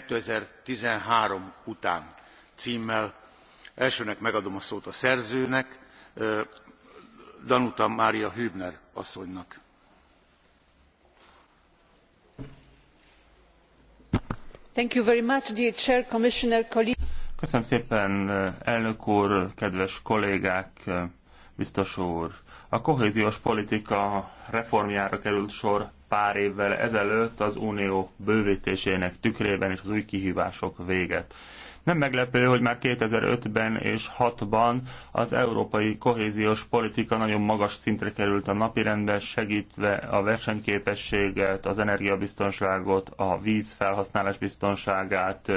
two thousand and thirteen után cmmel. elsőnek megadom a szót a szerzőnek danuta maria hübner asszonynak. Köszönöm szépen, elnök úr, kedves kollégák, biztos úr! A kohéziós politika reformjára került sor pár évvel ezelőtt az unió bővítésének tükrében és az új kihívások véget. Nem meglepő, hogy már 2005-ben és 2006-ban az európai kohéziós politika nagyon magas szintre került a napirendbe, segítve a versenyképességet, az energiabiztonságot, a vízfelhasználás biztonságát,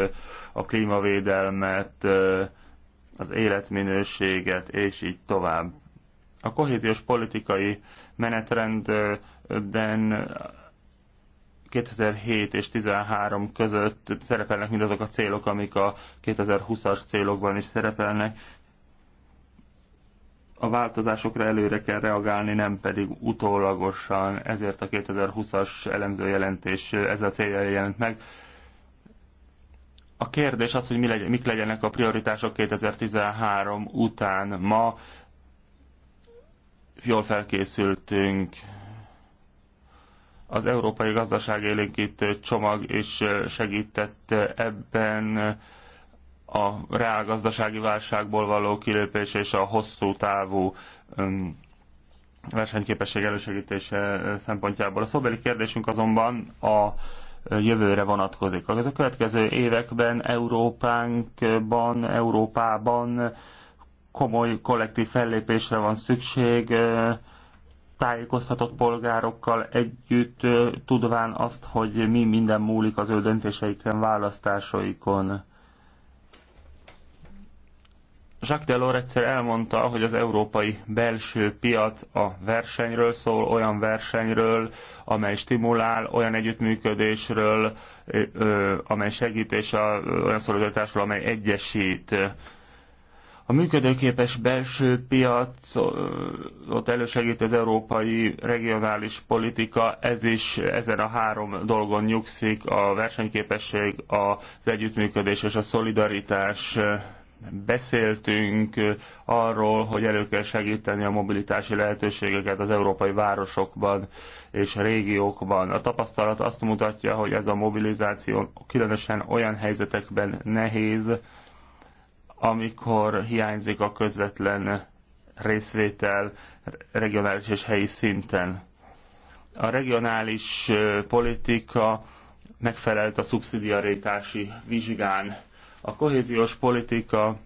a klímavédelmet, az életminőséget, és így tovább. A kohéziós politikai menetrend ben 2007 és 2013 között szerepelnek mindazok a célok, amik a 2020-as célokban is szerepelnek. A változásokra előre kell reagálni, nem pedig utólagosan, ezért a 2020-as elemző jelentés ezzel célja jelent meg. A kérdés az, hogy mi legyen, mik legyenek a prioritások 2013 után. Ma jól felkészültünk az európai élénkítő csomag is segített ebben a reál gazdasági válságból való kilépés és a hosszú távú versenyképesség elősegítése szempontjából. A szóbeli kérdésünk azonban a jövőre vonatkozik. A következő években Európánkban, Európában komoly kollektív fellépésre van szükség, tájékoztatott polgárokkal együtt, tudván azt, hogy mi minden múlik az ő döntéseikön, választásaikon. Jacques Delors egyszer elmondta, hogy az európai belső piac a versenyről szól, olyan versenyről, amely stimulál, olyan együttműködésről, amely segít, és a, olyan szolidaritásról, amely egyesít. A működőképes belső piacot elősegít az európai regionális politika, ez is ezen a három dolgon nyugszik, a versenyképesség, az együttműködés és a szolidaritás. Beszéltünk arról, hogy elő kell segíteni a mobilitási lehetőségeket az európai városokban és régiókban. A tapasztalat azt mutatja, hogy ez a mobilizáció különösen olyan helyzetekben nehéz, amikor hiányzik a közvetlen részvétel regionális és helyi szinten. A regionális politika megfelelt a szubszidiaritási vizsgán. A kohéziós politika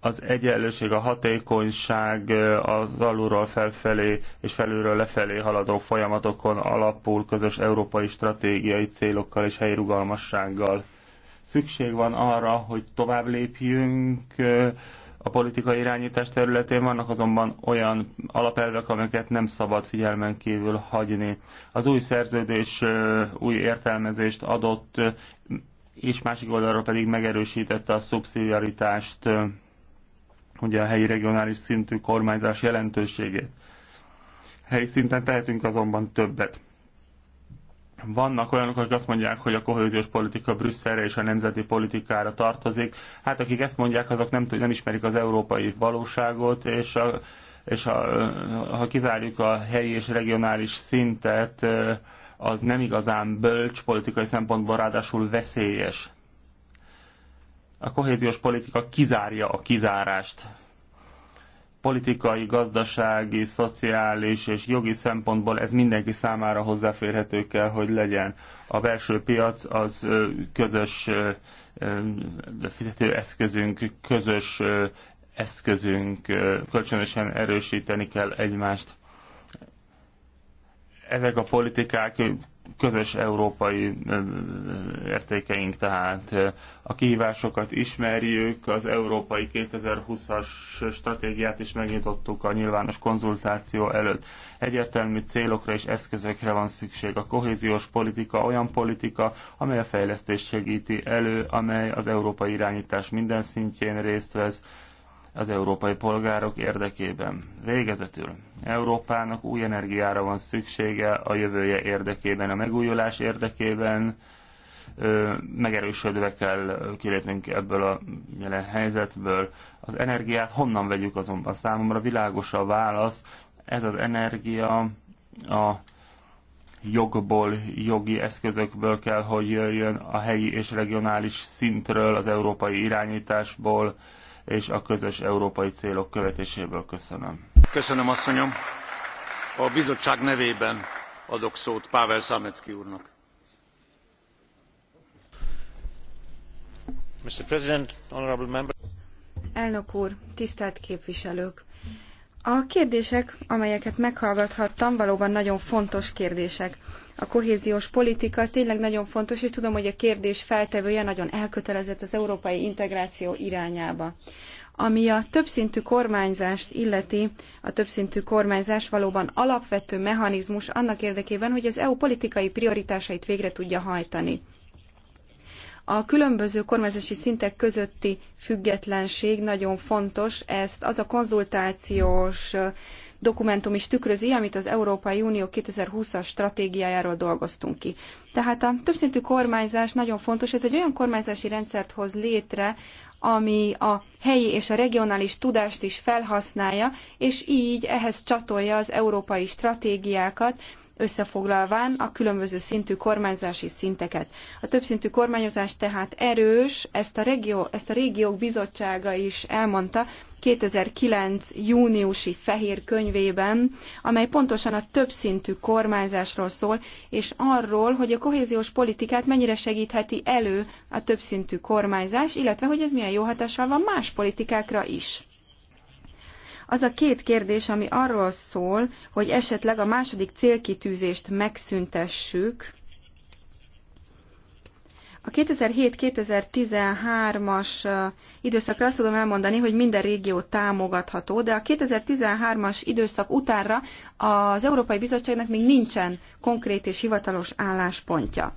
az egyenlőség, a hatékonyság az alulról felfelé és felülről lefelé haladó folyamatokon alapul közös európai stratégiai célokkal és helyi rugalmassággal szükség van arra, hogy tovább lépjünk a politikai irányítás területén, vannak azonban olyan alapelvek, amiket nem szabad figyelmen kívül hagyni. Az új szerződés új értelmezést adott, és másik oldalról pedig megerősítette a szubszidiaritást, ugye a helyi regionális szintű kormányzás jelentőségét. Helyi szinten tehetünk azonban többet vannak olyanok, akik azt mondják, hogy a kohéziós politika Brüsszelre és a nemzeti politikára tartozik. Hát akik ezt mondják, azok nem, nem ismerik az európai valóságot, és, a, és a, ha kizárjuk a helyi és regionális szintet, az nem igazán bölcs politikai szempontból, ráadásul veszélyes. A kohéziós politika kizárja a kizárást politikai, gazdasági, szociális és jogi szempontból ez mindenki számára hozzáférhető kell, hogy legyen. A belső piac az közös fizetőeszközünk, közös eszközünk, kölcsönösen erősíteni kell egymást. Ezek a politikák közös európai értékeink, tehát a kihívásokat ismerjük, az európai 2020-as stratégiát is megnyitottuk a nyilvános konzultáció előtt. Egyértelmű célokra és eszközökre van szükség. A kohéziós politika olyan politika, amely a fejlesztést segíti elő, amely az európai irányítás minden szintjén részt vesz, az európai polgárok érdekében. Végezetül Európának új energiára van szüksége a jövője érdekében, a megújulás érdekében, megerősödve kell kilépnünk ebből a jelen helyzetből. Az energiát honnan vegyük azonban számomra világos a válasz. Ez az energia a jogból, jogi eszközökből kell, hogy jöjjön a helyi és regionális szintről, az európai irányításból, és a közös európai célok követéséből. Köszönöm. Köszönöm, asszonyom. A bizottság nevében adok szót Pável Számecki úrnak. Mr. President, honorable members. Elnök úr, tisztelt képviselők! A kérdések, amelyeket meghallgathattam, valóban nagyon fontos kérdések a kohéziós politika tényleg nagyon fontos, és tudom, hogy a kérdés feltevője nagyon elkötelezett az európai integráció irányába. Ami a többszintű kormányzást illeti, a többszintű kormányzás valóban alapvető mechanizmus annak érdekében, hogy az EU politikai prioritásait végre tudja hajtani. A különböző kormányzási szintek közötti függetlenség nagyon fontos, ezt az a konzultációs dokumentum is tükrözi, amit az Európai Unió 2020-as stratégiájáról dolgoztunk ki. Tehát a többszintű kormányzás nagyon fontos, ez egy olyan kormányzási rendszert hoz létre, ami a helyi és a regionális tudást is felhasználja, és így ehhez csatolja az európai stratégiákat, összefoglalván a különböző szintű kormányzási szinteket. A többszintű kormányozás tehát erős, ezt a, regió, ezt a régiók bizottsága is elmondta 2009. júniusi fehér könyvében, amely pontosan a többszintű kormányzásról szól, és arról, hogy a kohéziós politikát mennyire segítheti elő a többszintű kormányzás, illetve hogy ez milyen jó hatással van más politikákra is. Az a két kérdés, ami arról szól, hogy esetleg a második célkitűzést megszüntessük, a 2007-2013-as időszakra azt tudom elmondani, hogy minden régió támogatható, de a 2013-as időszak utánra az Európai Bizottságnak még nincsen konkrét és hivatalos álláspontja.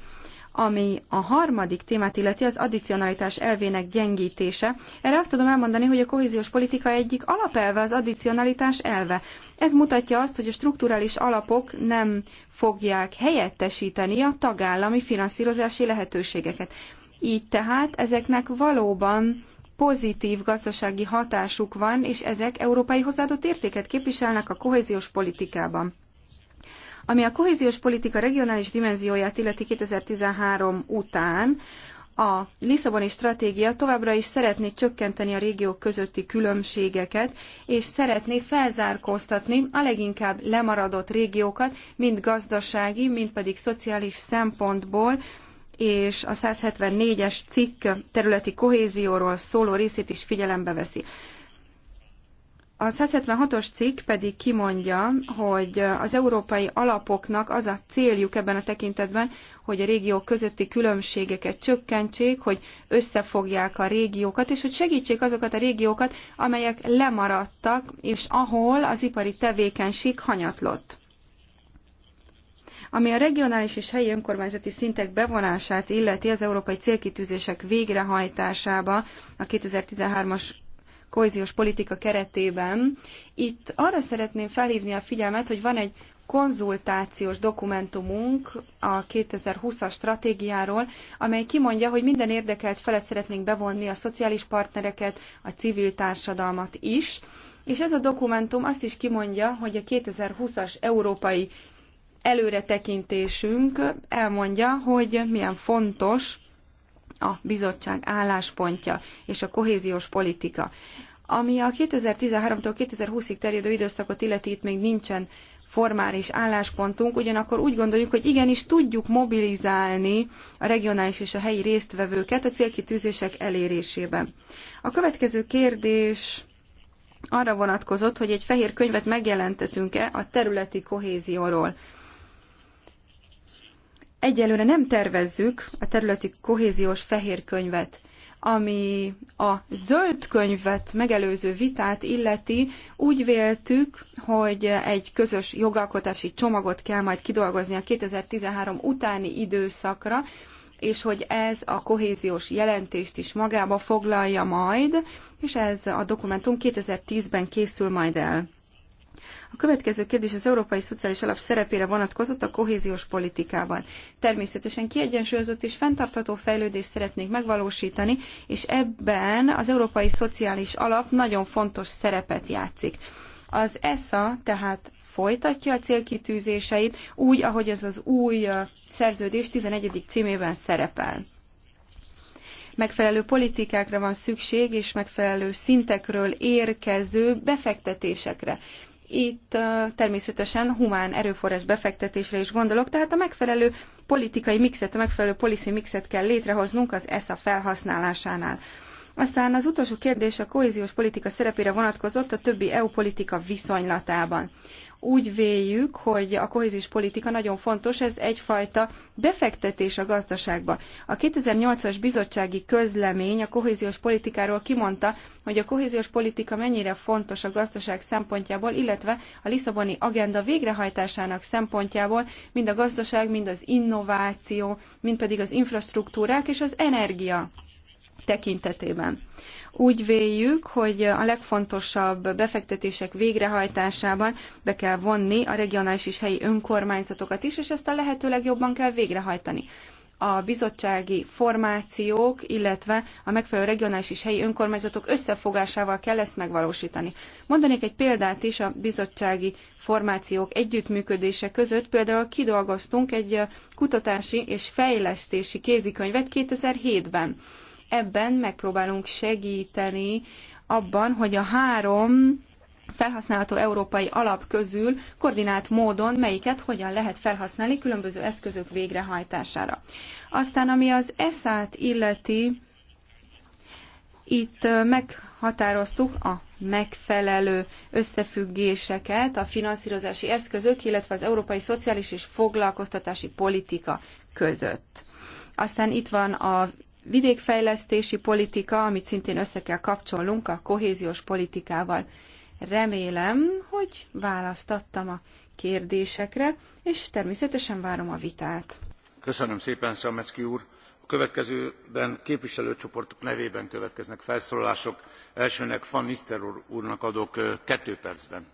Ami a harmadik témát illeti, az addicionalitás elvének gyengítése. Erre azt tudom elmondani, hogy a kohéziós politika egyik alapelve az addicionalitás elve. Ez mutatja azt, hogy a strukturális alapok nem fogják helyettesíteni a tagállami finanszírozási lehetőségeket. Így tehát ezeknek valóban pozitív gazdasági hatásuk van, és ezek európai hozzáadott értéket képviselnek a kohéziós politikában. Ami a kohéziós politika regionális dimenzióját illeti 2013 után, a Lisszaboni stratégia továbbra is szeretné csökkenteni a régiók közötti különbségeket, és szeretné felzárkóztatni a leginkább lemaradott régiókat, mind gazdasági, mind pedig szociális szempontból, és a 174-es cikk területi kohézióról szóló részét is figyelembe veszi. A 176-os cikk pedig kimondja, hogy az európai alapoknak az a céljuk ebben a tekintetben, hogy a régiók közötti különbségeket csökkentsék, hogy összefogják a régiókat, és hogy segítsék azokat a régiókat, amelyek lemaradtak, és ahol az ipari tevékenység hanyatlott. Ami a regionális és helyi önkormányzati szintek bevonását illeti az európai célkitűzések végrehajtásába a 2013-as kohéziós politika keretében. Itt arra szeretném felhívni a figyelmet, hogy van egy konzultációs dokumentumunk a 2020-as stratégiáról, amely kimondja, hogy minden érdekelt felet szeretnénk bevonni a szociális partnereket, a civil társadalmat is, és ez a dokumentum azt is kimondja, hogy a 2020-as európai előretekintésünk elmondja, hogy milyen fontos a bizottság álláspontja és a kohéziós politika. Ami a 2013-tól 2020-ig terjedő időszakot illeti, itt még nincsen formális álláspontunk, ugyanakkor úgy gondoljuk, hogy igenis tudjuk mobilizálni a regionális és a helyi résztvevőket a célkitűzések elérésében. A következő kérdés arra vonatkozott, hogy egy fehér könyvet megjelentetünk-e a területi kohézióról egyelőre nem tervezzük a területi kohéziós fehér könyvet, ami a zöld könyvet megelőző vitát illeti, úgy véltük, hogy egy közös jogalkotási csomagot kell majd kidolgozni a 2013 utáni időszakra, és hogy ez a kohéziós jelentést is magába foglalja majd, és ez a dokumentum 2010-ben készül majd el. A következő kérdés az Európai Szociális Alap szerepére vonatkozott a kohéziós politikában. Természetesen kiegyensúlyozott és fenntartható fejlődést szeretnénk megvalósítani, és ebben az Európai Szociális Alap nagyon fontos szerepet játszik. Az ESA tehát folytatja a célkitűzéseit úgy, ahogy ez az új szerződés 11. címében szerepel megfelelő politikákra van szükség, és megfelelő szintekről érkező befektetésekre. Itt természetesen humán erőforrás befektetésre is gondolok, tehát a megfelelő politikai mixet, a megfelelő policy mixet kell létrehoznunk az ESZA felhasználásánál. Aztán az utolsó kérdés a kohéziós politika szerepére vonatkozott a többi EU politika viszonylatában. Úgy véljük, hogy a kohézis politika nagyon fontos, ez egyfajta befektetés a gazdaságba. A 2008-as bizottsági közlemény a kohéziós politikáról kimondta, hogy a kohéziós politika mennyire fontos a gazdaság szempontjából, illetve a Lisszaboni agenda végrehajtásának szempontjából, mind a gazdaság, mind az innováció, mind pedig az infrastruktúrák és az energia tekintetében. Úgy véljük, hogy a legfontosabb befektetések végrehajtásában be kell vonni a regionális és helyi önkormányzatokat is, és ezt a lehető legjobban kell végrehajtani a bizottsági formációk, illetve a megfelelő regionális és helyi önkormányzatok összefogásával kell ezt megvalósítani. Mondanék egy példát is a bizottsági formációk együttműködése között. Például kidolgoztunk egy kutatási és fejlesztési kézikönyvet 2007-ben ebben megpróbálunk segíteni abban, hogy a három felhasználható európai alap közül koordinált módon melyiket hogyan lehet felhasználni különböző eszközök végrehajtására. Aztán ami az ESZÁT illeti, itt meghatároztuk a megfelelő összefüggéseket a finanszírozási eszközök, illetve az európai szociális és foglalkoztatási politika között. Aztán itt van a vidékfejlesztési politika, amit szintén össze kell kapcsolnunk a kohéziós politikával. Remélem, hogy választattam a kérdésekre, és természetesen várom a vitát. Köszönöm szépen, Szamecki úr! A következőben képviselőcsoportok nevében következnek felszólalások. Elsőnek Van Nistelrooy úrnak adok kettő percben.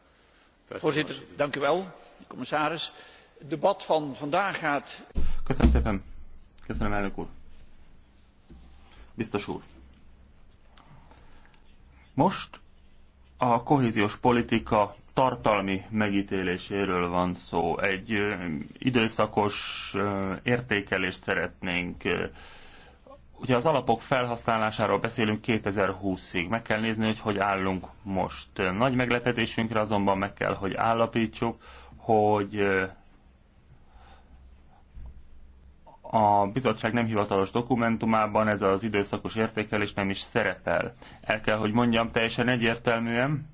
Voorzitter, dank u wel, commissaris. Het debat van vandaag gaat... Köszönöm szépen. Köszönöm, elnök úr Biztos úr. Most a kohéziós politika tartalmi megítéléséről van szó. Egy időszakos értékelést szeretnénk. Ugye az alapok felhasználásáról beszélünk 2020-ig. Meg kell nézni, hogy hogy állunk most. Nagy meglepetésünkre azonban meg kell, hogy állapítsuk, hogy a bizottság nem hivatalos dokumentumában ez az időszakos értékelés nem is szerepel. El kell, hogy mondjam teljesen egyértelműen,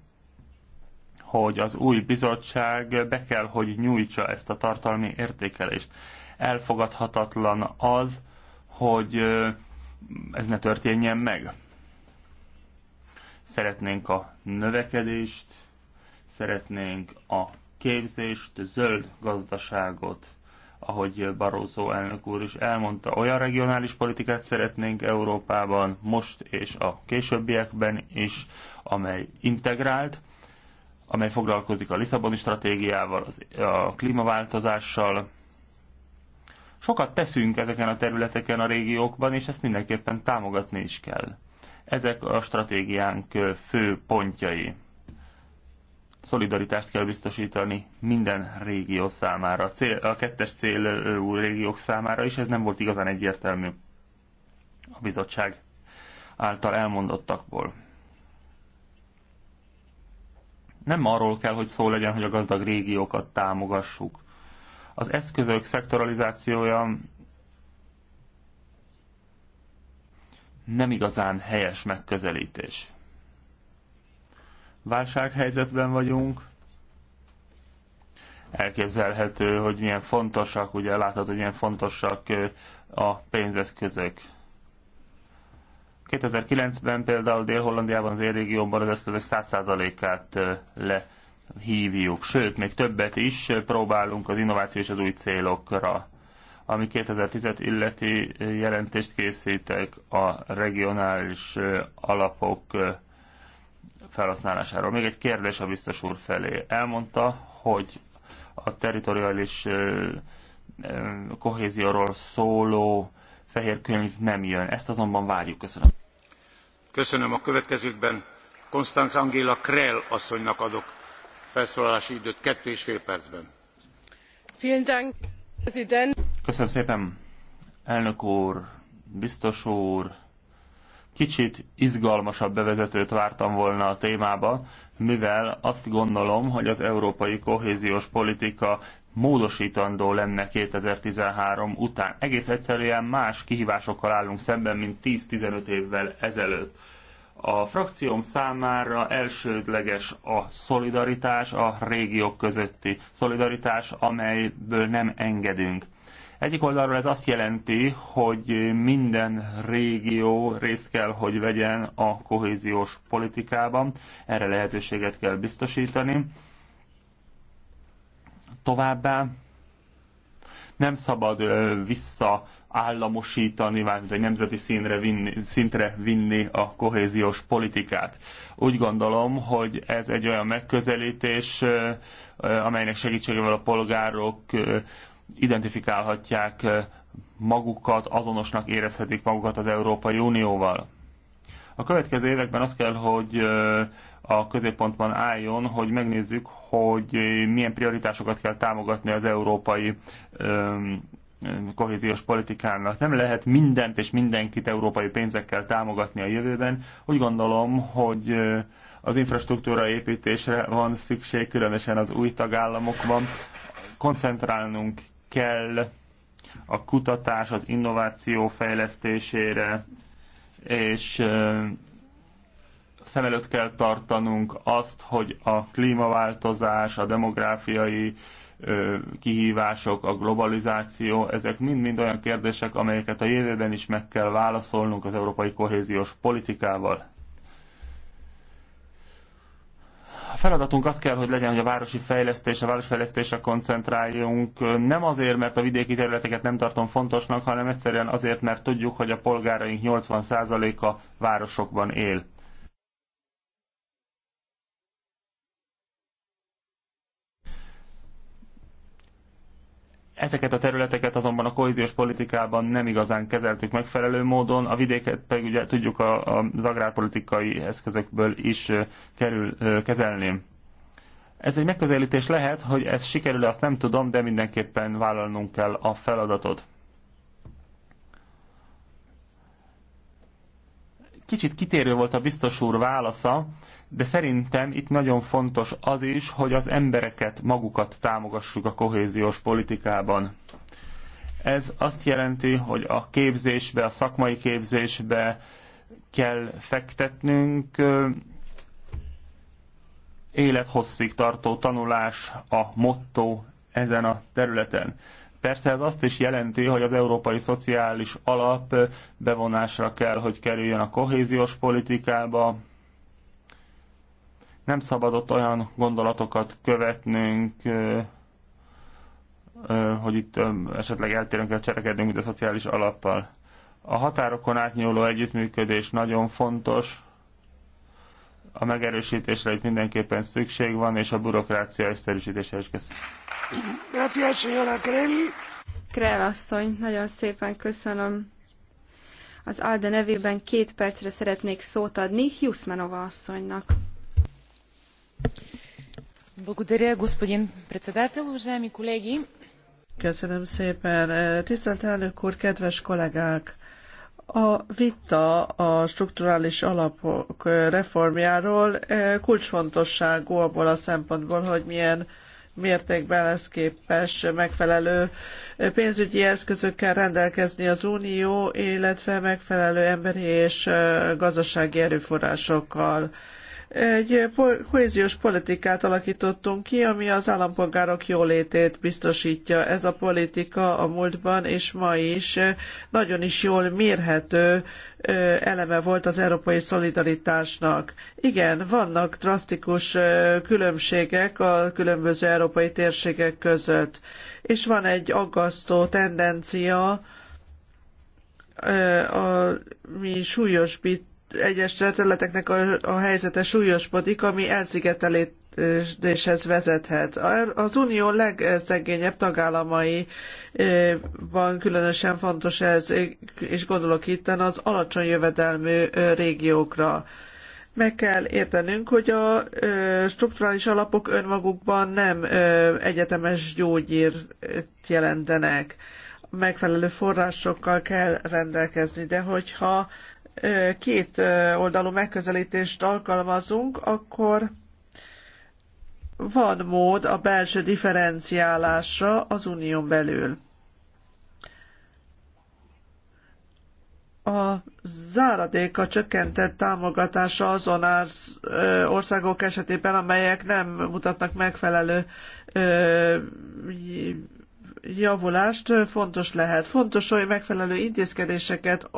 hogy az új bizottság be kell, hogy nyújtsa ezt a tartalmi értékelést. Elfogadhatatlan az, hogy ez ne történjen meg. Szeretnénk a növekedést, szeretnénk a képzést, zöld gazdaságot, ahogy Barroso elnök úr is elmondta, olyan regionális politikát szeretnénk Európában most és a későbbiekben is, amely integrált, amely foglalkozik a Lisszaboni stratégiával, a klímaváltozással. Sokat teszünk ezeken a területeken a régiókban, és ezt mindenképpen támogatni is kell. Ezek a stratégiánk fő pontjai szolidaritást kell biztosítani minden régió számára. A, cél, a kettes célú régiók számára is ez nem volt igazán egyértelmű a bizottság által elmondottakból. Nem arról kell, hogy szó legyen, hogy a gazdag régiókat támogassuk. Az eszközök szektoralizációja nem igazán helyes megközelítés válsághelyzetben vagyunk. Elképzelhető, hogy milyen fontosak, ugye láthatod, hogy milyen fontosak a pénzeszközök. 2009-ben például Dél-Hollandiában az érrégióban az eszközök 100%-át lehívjuk, sőt, még többet is próbálunk az innováció és az új célokra ami 2010-et illeti jelentést készítek a regionális alapok felhasználásáról. Még egy kérdés a biztos úr felé. Elmondta, hogy a territoriális kohézióról szóló fehér könyv nem jön. Ezt azonban várjuk. Köszönöm. Köszönöm. A következőkben Konstanz Angéla Krell asszonynak adok felszólalási időt kettő és fél percben. Köszönöm szépen, elnök úr, biztos úr, kicsit izgalmasabb bevezetőt vártam volna a témába, mivel azt gondolom, hogy az európai kohéziós politika módosítandó lenne 2013 után. Egész egyszerűen más kihívásokkal állunk szemben, mint 10-15 évvel ezelőtt. A frakcióm számára elsődleges a szolidaritás, a régiók közötti szolidaritás, amelyből nem engedünk. Egyik oldalról ez azt jelenti, hogy minden régió részt kell, hogy vegyen a kohéziós politikában, erre lehetőséget kell biztosítani. Továbbá nem szabad visszaállamosítani vissza államosítani, egy nemzeti színre vinni, szintre vinni a kohéziós politikát. Úgy gondolom, hogy ez egy olyan megközelítés, amelynek segítségével a polgárok identifikálhatják magukat, azonosnak érezhetik magukat az Európai Unióval. A következő években azt kell, hogy a középpontban álljon, hogy megnézzük, hogy milyen prioritásokat kell támogatni az európai kohéziós politikának. Nem lehet mindent és mindenkit európai pénzekkel támogatni a jövőben. Úgy gondolom, hogy az infrastruktúra építésre van szükség, különösen az új tagállamokban. Koncentrálnunk kell a kutatás, az innováció fejlesztésére, és szem előtt kell tartanunk azt, hogy a klímaváltozás, a demográfiai kihívások, a globalizáció, ezek mind-mind olyan kérdések, amelyeket a jövőben is meg kell válaszolnunk az európai kohéziós politikával. feladatunk az kell, hogy legyen, hogy a városi fejlesztés, a városfejlesztésre koncentráljunk. Nem azért, mert a vidéki területeket nem tartom fontosnak, hanem egyszerűen azért, mert tudjuk, hogy a polgáraink 80%-a városokban él. Ezeket a területeket azonban a kohéziós politikában nem igazán kezeltük megfelelő módon, a vidéket pedig ugye tudjuk a, a, az agrárpolitikai eszközökből is kerül kezelni. Ez egy megközelítés lehet, hogy ez sikerül, azt nem tudom, de mindenképpen vállalnunk kell a feladatot. Kicsit kitérő volt a biztos úr válasza, de szerintem itt nagyon fontos az is, hogy az embereket magukat támogassuk a kohéziós politikában. Ez azt jelenti, hogy a képzésbe, a szakmai képzésbe kell fektetnünk, élethosszig tartó tanulás a motto ezen a területen. Persze ez azt is jelenti, hogy az európai szociális alap bevonásra kell, hogy kerüljön a kohéziós politikába. Nem szabadott olyan gondolatokat követnünk, hogy itt esetleg eltérünk kell cselekednünk, mint a szociális alappal. A határokon átnyúló együttműködés nagyon fontos, a megerősítésre itt mindenképpen szükség van, és a bürokrácia egyszerűsítésre is köszönöm. Krell asszony, nagyon szépen köszönöm. Az ALDE nevében két percre szeretnék szót adni Jusmanova asszonynak. Благодаря, господин председател, уважаеми колеги. Köszönöm szépen. Tisztelt elnök úr, kedves kollégák! A vita a strukturális alapok reformjáról eh, kulcsfontosságú abból a szempontból, hogy milyen mértékben lesz képes megfelelő pénzügyi eszközökkel rendelkezni az Unió, illetve megfelelő emberi és eh, gazdasági erőforrásokkal. Egy kohéziós politikát alakítottunk ki, ami az állampolgárok jólétét biztosítja. Ez a politika a múltban és ma is nagyon is jól mérhető eleme volt az európai szolidaritásnak. Igen, vannak drasztikus különbségek a különböző európai térségek között, és van egy aggasztó tendencia, ami súlyosbít egyes területeknek a, a helyzete súlyosbodik, ami elszigeteléshez vezethet. Az unió legszegényebb tagállamaiban különösen fontos ez, és gondolok itten az alacsony jövedelmű régiókra meg kell értenünk, hogy a strukturális alapok önmagukban nem egyetemes gyógyírt jelentenek. Megfelelő forrásokkal kell rendelkezni, de hogyha két oldalú megközelítést alkalmazunk, akkor van mód a belső differenciálásra az unión belül. A záradéka csökkentett támogatása azon országok esetében, amelyek nem mutatnak megfelelő javulást fontos lehet. Fontos, hogy megfelelő intézkedéseket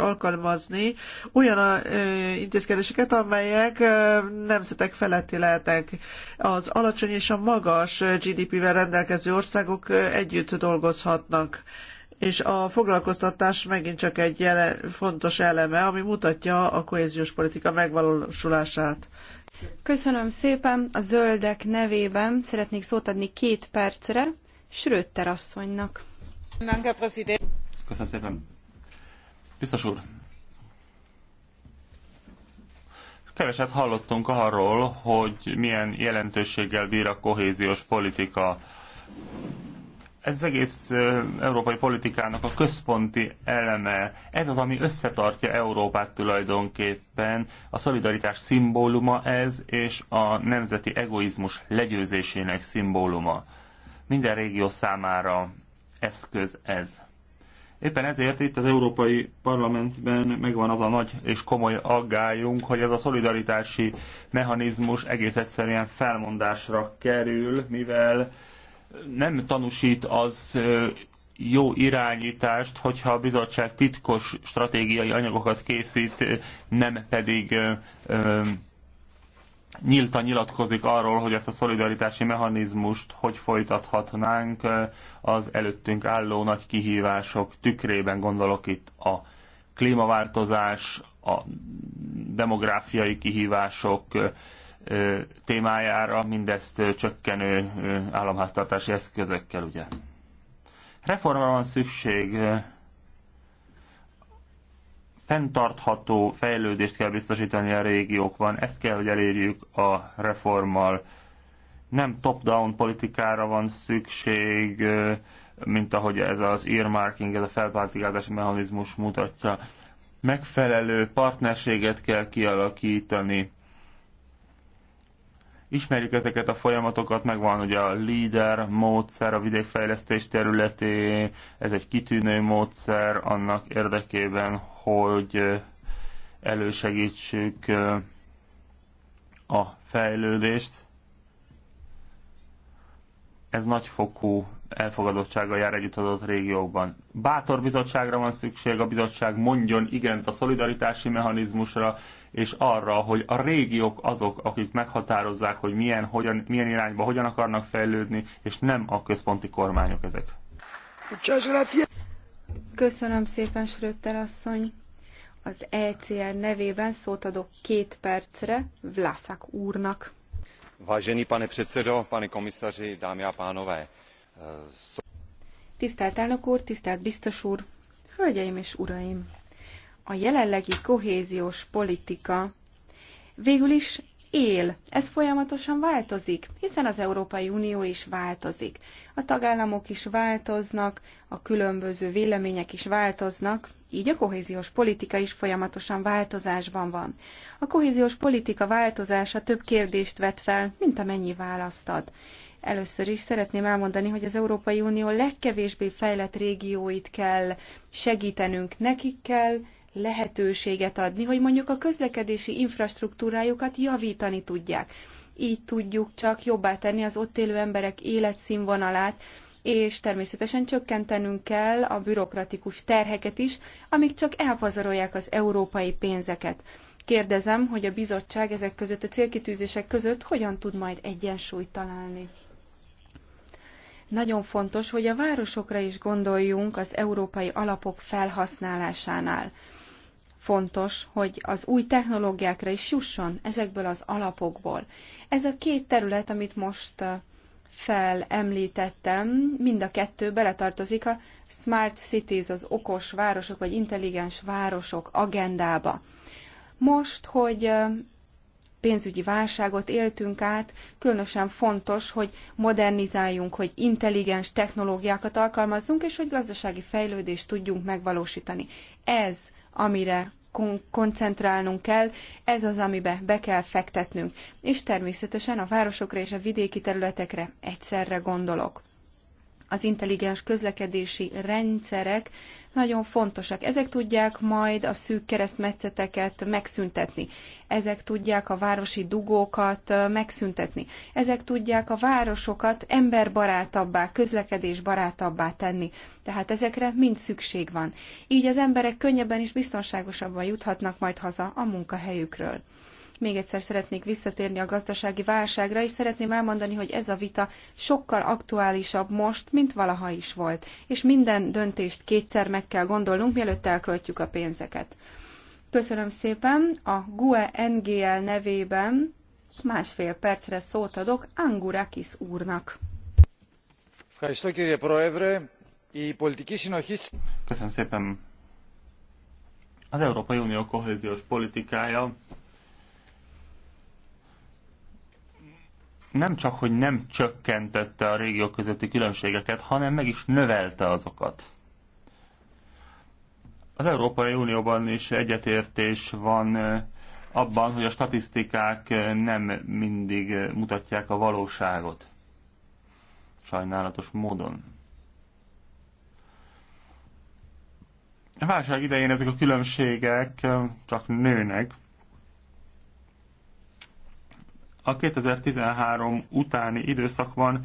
alkalmazni, olyan intézkedéseket, amelyek nemzetek feletti lehetnek. Az alacsony és a magas GDP-vel rendelkező országok együtt dolgozhatnak és a foglalkoztatás megint csak egy jele, fontos eleme, ami mutatja a kohéziós politika megvalósulását. Köszönöm szépen. A zöldek nevében szeretnék szót adni két percre Schröter asszonynak. Köszönöm szépen. Biztos úr, keveset hallottunk arról, hogy milyen jelentőséggel bír a kohéziós politika. Ez az egész európai politikának a központi eleme. Ez az, ami összetartja Európát tulajdonképpen. A szolidaritás szimbóluma ez, és a nemzeti egoizmus legyőzésének szimbóluma. Minden régió számára eszköz ez. Éppen ezért itt az Európai Parlamentben megvan az a nagy és komoly aggályunk, hogy ez a szolidaritási mechanizmus egész egyszerűen felmondásra kerül, mivel nem tanúsít az jó irányítást, hogyha a bizottság titkos stratégiai anyagokat készít, nem pedig nyíltan nyilatkozik arról, hogy ezt a szolidaritási mechanizmust hogy folytathatnánk az előttünk álló nagy kihívások tükrében, gondolok itt a klímaváltozás, a demográfiai kihívások témájára, mindezt csökkenő államháztartási eszközökkel, ugye. Reformra van szükség, fenntartható fejlődést kell biztosítani a régiókban. Ezt kell, hogy elérjük a reformmal. Nem top-down politikára van szükség, mint ahogy ez az earmarking, ez a felpártigázási mechanizmus mutatja. Megfelelő partnerséget kell kialakítani Ismerjük ezeket a folyamatokat, meg van ugye a LEADER módszer a vidékfejlesztés területé, ez egy kitűnő módszer annak érdekében, hogy elősegítsük a fejlődést. Ez nagyfokú elfogadottsága jár együtt adott régiókban. Bátor bizottságra van szükség, a bizottság mondjon igent a szolidaritási mechanizmusra, és arra, hogy a régiók azok, akik meghatározzák, hogy milyen, hogyan, milyen irányba, hogyan akarnak fejlődni, és nem a központi kormányok ezek. Köszönöm szépen, Schröter asszony. Az ECR nevében szót adok két percre Vlaszak úrnak. Vážený pane předsedo, pane komisaři, dámy a pánové. Tisztelt elnök úr, tisztelt biztos úr, hölgyeim és uraim! a jelenlegi kohéziós politika végül is él. Ez folyamatosan változik, hiszen az Európai Unió is változik. A tagállamok is változnak, a különböző vélemények is változnak, így a kohéziós politika is folyamatosan változásban van. A kohéziós politika változása több kérdést vet fel, mint amennyi választ ad. Először is szeretném elmondani, hogy az Európai Unió legkevésbé fejlett régióit kell segítenünk, nekik kell lehetőséget adni, hogy mondjuk a közlekedési infrastruktúrájukat javítani tudják. Így tudjuk csak jobbá tenni az ott élő emberek életszínvonalát, és természetesen csökkentenünk kell a bürokratikus terheket is, amik csak elpazarolják az európai pénzeket. Kérdezem, hogy a bizottság ezek között, a célkitűzések között hogyan tud majd egyensúlyt találni. Nagyon fontos, hogy a városokra is gondoljunk az európai alapok felhasználásánál. Fontos, hogy az új technológiákra is jusson ezekből az alapokból. Ez a két terület, amit most felemlítettem, mind a kettő beletartozik a Smart Cities, az okos városok vagy intelligens városok agendába. Most, hogy pénzügyi válságot éltünk át, különösen fontos, hogy modernizáljunk, hogy intelligens technológiákat alkalmazzunk, és hogy gazdasági fejlődést tudjunk megvalósítani. Ez amire koncentrálnunk kell, ez az, amibe be kell fektetnünk. És természetesen a városokra és a vidéki területekre egyszerre gondolok. Az intelligens közlekedési rendszerek nagyon fontosak. Ezek tudják majd a szűk keresztmetszeteket megszüntetni. Ezek tudják a városi dugókat megszüntetni. Ezek tudják a városokat emberbarátabbá, közlekedésbarátabbá tenni. Tehát ezekre mind szükség van. Így az emberek könnyebben és biztonságosabban juthatnak majd haza a munkahelyükről. Még egyszer szeretnék visszatérni a gazdasági válságra, és szeretném elmondani, hogy ez a vita sokkal aktuálisabb most, mint valaha is volt. És minden döntést kétszer meg kell gondolnunk, mielőtt elköltjük a pénzeket. Köszönöm szépen. A GUE NGL nevében másfél percre szót adok Angurakis úrnak. Köszönöm szépen. Az Európai Unió kohéziós politikája nem csak, hogy nem csökkentette a régiók közötti különbségeket, hanem meg is növelte azokat. Az Európai Unióban is egyetértés van abban, hogy a statisztikák nem mindig mutatják a valóságot. Sajnálatos módon. A válság idején ezek a különbségek csak nőnek, a 2013 utáni időszakban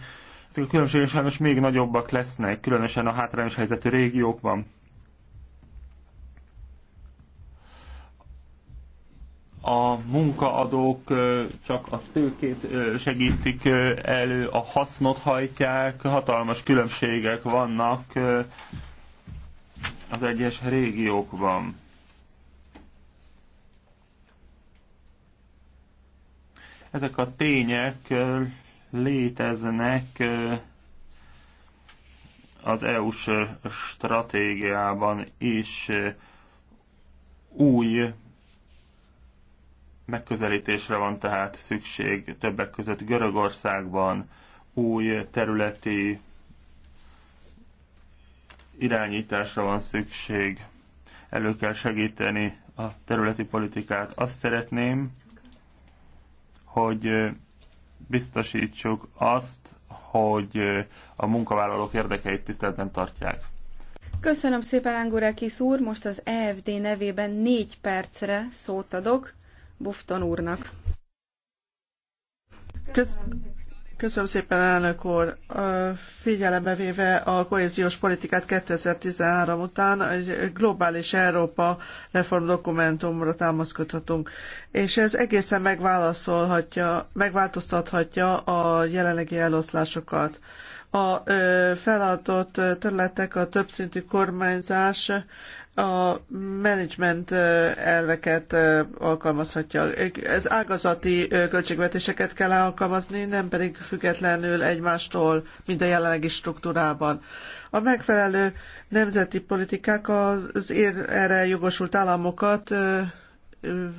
ezek a különbségek sajnos még nagyobbak lesznek, különösen a hátrányos helyzetű régiókban. a munkaadók csak a tőkét segítik elő, a hasznot hajtják, hatalmas különbségek vannak az egyes régiókban. Ezek a tények léteznek az EU-s stratégiában is új megközelítésre van tehát szükség többek között Görögországban új területi irányításra van szükség. Elő kell segíteni a területi politikát. Azt szeretném, hogy biztosítsuk azt, hogy a munkavállalók érdekeit tiszteletben tartják. Köszönöm szépen, Angurakis úr. Most az EFD nevében négy percre szót adok Bufton úrnak. Köszönöm. Köszönöm szépen, elnök úr. Figyelembe véve a kohéziós politikát 2013 után egy globális Európa reform dokumentumra támaszkodhatunk, és ez egészen megválaszolhatja, megváltoztathatja a jelenlegi eloszlásokat. A feladott területek, a többszintű kormányzás a menedzsment elveket alkalmazhatja. Ez ágazati költségvetéseket kell alkalmazni, nem pedig függetlenül egymástól, mint a jelenlegi struktúrában. A megfelelő nemzeti politikák az erre jogosult államokat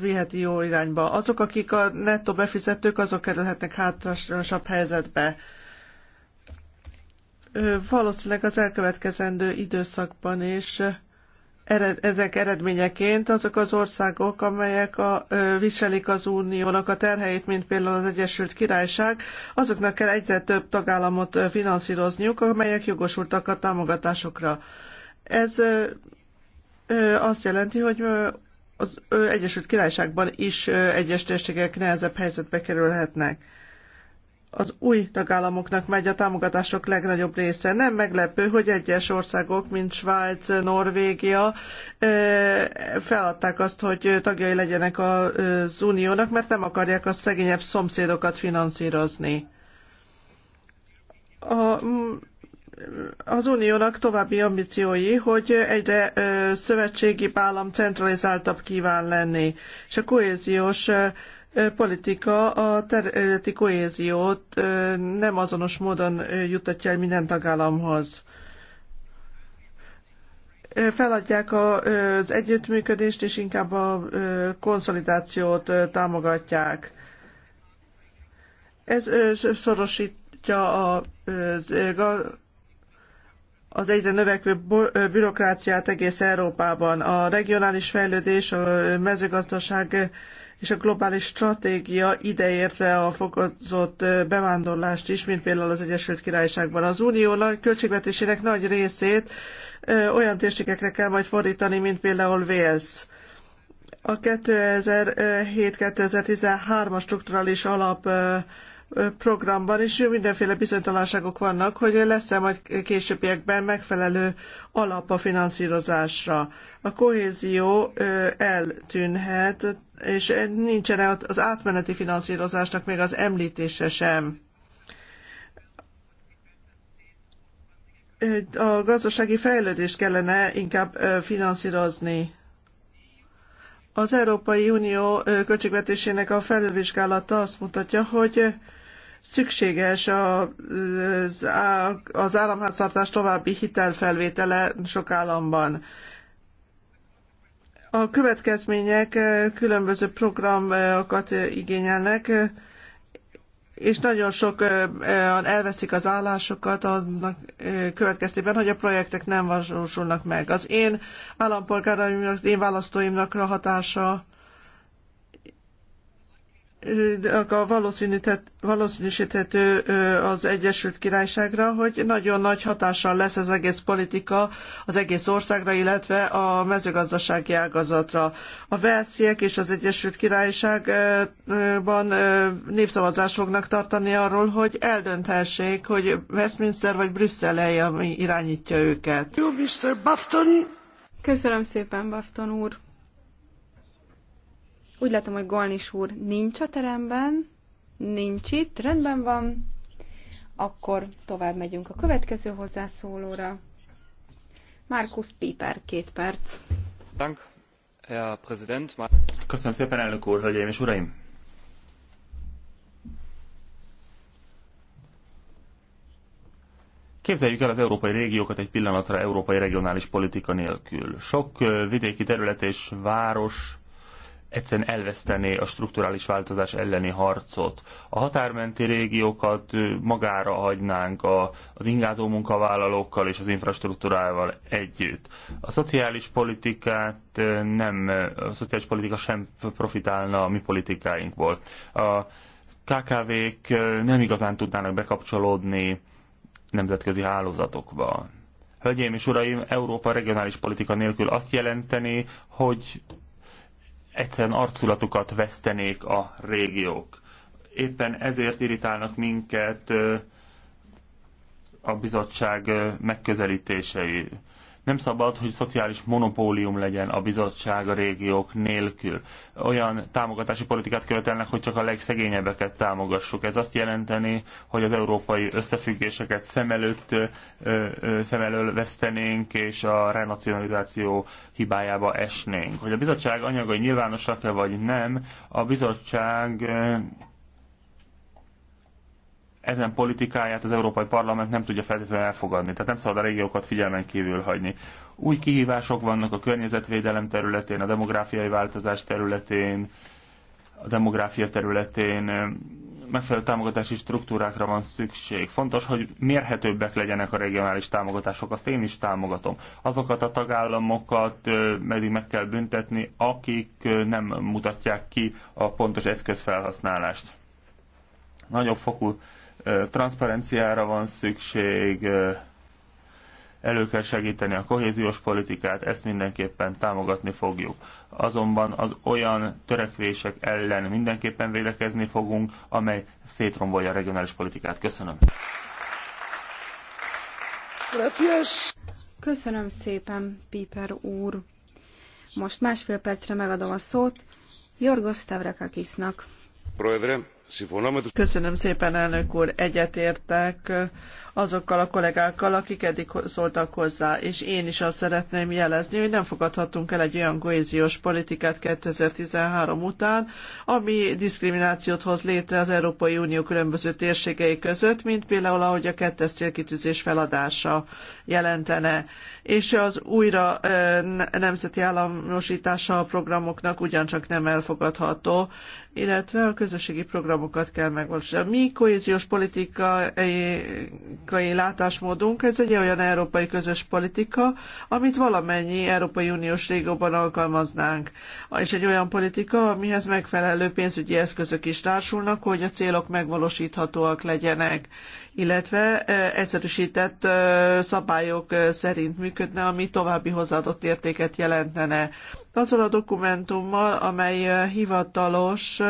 viheti jó irányba. Azok, akik a nettó befizetők, azok kerülhetnek hátrányosabb helyzetbe. Valószínűleg az elkövetkezendő időszakban is ered, ezek eredményeként azok az országok, amelyek a, ö, viselik az uniónak a terheit, mint például az Egyesült Királyság, azoknak kell egyre több tagállamot finanszírozniuk, amelyek jogosultak a támogatásokra. Ez ö, ö, azt jelenti, hogy az Egyesült Királyságban is egyes térségek nehezebb helyzetbe kerülhetnek az új tagállamoknak megy a támogatások legnagyobb része. Nem meglepő, hogy egyes országok, mint Svájc, Norvégia feladták azt, hogy tagjai legyenek az uniónak, mert nem akarják a szegényebb szomszédokat finanszírozni. A, az uniónak további ambíciói, hogy egyre szövetségi állam centralizáltabb kíván lenni, és a kohéziós politika a területi kohéziót nem azonos módon jutatja el minden tagállamhoz feladják az együttműködést, és inkább a konszolidációt támogatják. Ez sorosítja az, az egyre növekvő bürokráciát egész Európában. A regionális fejlődés, a mezőgazdaság és a globális stratégia ideértve a fokozott bevándorlást is, mint például az Egyesült Királyságban. Az unió költségvetésének nagy részét olyan térségekre kell majd fordítani, mint például Wales. A 2007-2013-as strukturális alap programban is mindenféle bizonytalanságok vannak, hogy lesz-e majd későbbiekben megfelelő alap a finanszírozásra. A kohézió eltűnhet, és nincsen az átmeneti finanszírozásnak még az említése sem. A gazdasági fejlődést kellene inkább finanszírozni. Az Európai Unió költségvetésének a felülvizsgálata azt mutatja, hogy szükséges az, az államháztartás további hitelfelvétele sok államban. A következmények különböző programokat igényelnek, és nagyon sokan elveszik az állásokat annak következtében, hogy a projektek nem valósulnak meg. Az én állampolgáraimnak, az én választóimnak a hatása a valószínűsíthető az Egyesült Királyságra, hogy nagyon nagy hatással lesz az egész politika az egész országra, illetve a mezőgazdasági ágazatra. A Velsziek és az Egyesült Királyságban népszavazást fognak tartani arról, hogy eldönthessék, hogy Westminster vagy Brüsszel -e, ami irányítja őket. Köszönöm szépen, Bafton úr! Úgy látom, hogy Golnis úr nincs a teremben, nincs itt, rendben van. Akkor tovább megyünk a következő hozzászólóra. Markus Piper, két perc. Dank, Herr Präsident. Köszönöm szépen, elnök úr, hölgyeim és uraim! Képzeljük el az európai régiókat egy pillanatra európai regionális politika nélkül. Sok vidéki terület és város egyszerűen elvesztené a strukturális változás elleni harcot. A határmenti régiókat magára hagynánk a, az ingázó munkavállalókkal és az infrastruktúrával együtt. A szociális politikát nem, a szociális politika sem profitálna a mi politikáinkból. A KKV-k nem igazán tudnának bekapcsolódni nemzetközi hálózatokba. Hölgyeim és uraim, Európa regionális politika nélkül azt jelenteni, hogy egyszerűen arculatukat vesztenék a régiók. Éppen ezért irritálnak minket a bizottság megközelítései. Nem szabad, hogy szociális monopólium legyen a bizottság a régiók nélkül. Olyan támogatási politikát követelnek, hogy csak a legszegényebbeket támogassuk. Ez azt jelenteni, hogy az európai összefüggéseket szem előtt, szem elől vesztenénk, és a renacionalizáció hibájába esnénk. Hogy a bizottság anyagai nyilvánosak-e vagy nem, a bizottság ezen politikáját az Európai Parlament nem tudja feltétlenül elfogadni. Tehát nem szabad a régiókat figyelmen kívül hagyni. Új kihívások vannak a környezetvédelem területén, a demográfiai változás területén, a demográfia területén megfelelő támogatási struktúrákra van szükség. Fontos, hogy mérhetőbbek legyenek a regionális támogatások, azt én is támogatom. Azokat a tagállamokat meddig meg kell büntetni, akik nem mutatják ki a pontos eszközfelhasználást. Nagyobb fokú transzparenciára van szükség, elő kell segíteni a kohéziós politikát, ezt mindenképpen támogatni fogjuk. Azonban az olyan törekvések ellen mindenképpen védekezni fogunk, amely szétrombolja a regionális politikát. Köszönöm. Köszönöm szépen, Piper úr. Most másfél percre megadom a szót Jorgos Stavrakakisnak. Proedre. Köszönöm szépen, elnök úr. Egyetértek azokkal a kollégákkal, akik eddig szóltak hozzá, és én is azt szeretném jelezni, hogy nem fogadhatunk el egy olyan kohéziós politikát 2013 után, ami diszkriminációt hoz létre az Európai Unió különböző térségei között, mint például ahogy a kettes célkitűzés feladása jelentene. És az újra nemzeti államosítása a programoknak ugyancsak nem elfogadható, illetve a közösségi program programokat kell megvalósítani. A mi kohéziós politikai látásmódunk, ez egy olyan európai közös politika, amit valamennyi Európai Uniós régóban alkalmaznánk. És egy olyan politika, amihez megfelelő pénzügyi eszközök is társulnak, hogy a célok megvalósíthatóak legyenek illetve eh, egyszerűsített eh, szabályok eh, szerint működne, ami további hozzáadott értéket jelentene. Azzal a dokumentummal, amely hivatalos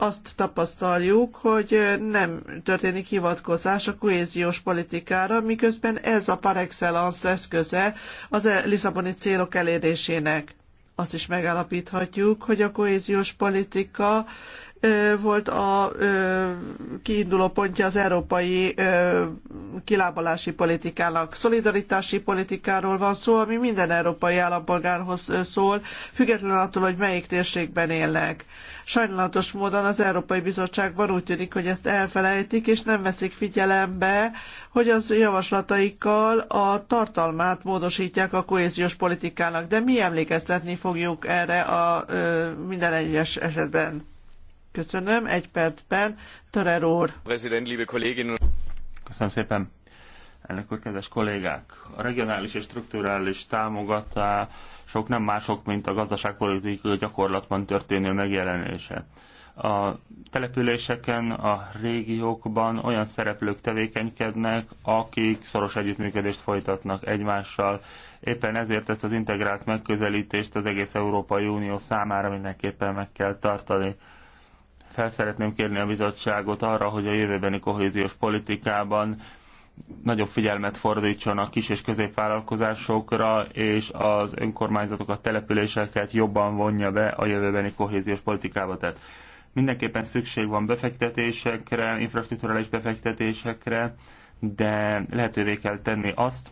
azt tapasztaljuk, hogy nem történik hivatkozás a kohéziós politikára, miközben ez a par excellence eszköze az e- Lisszaboni célok elérésének. Azt is megállapíthatjuk, hogy a kohéziós politika volt a kiinduló pontja az európai kilábalási politikának. Szolidaritási politikáról van szó, ami minden európai állampolgárhoz szól, függetlenül attól, hogy melyik térségben élnek. Sajnálatos módon az Európai Bizottságban úgy tűnik, hogy ezt elfelejtik, és nem veszik figyelembe, hogy az javaslataikkal a tartalmát módosítják a kohéziós politikának, de mi emlékeztetni fogjuk erre a ö, minden egyes esetben. Köszönöm, egy percben, Törer úr. Köszönöm szépen. Elnök úr, kedves kollégák! A regionális és strukturális támogatás sok nem mások, mint a gazdaságpolitikai gyakorlatban történő megjelenése. A településeken, a régiókban olyan szereplők tevékenykednek, akik szoros együttműködést folytatnak egymással. Éppen ezért ezt az integrált megközelítést az egész Európai Unió számára mindenképpen meg kell tartani fel szeretném kérni a bizottságot arra, hogy a jövőbeni kohéziós politikában nagyobb figyelmet fordítson a kis és középvállalkozásokra, és az önkormányzatokat, településeket jobban vonja be a jövőbeni kohéziós politikába. Tehát mindenképpen szükség van befektetésekre, infrastruktúrális befektetésekre, de lehetővé kell tenni azt,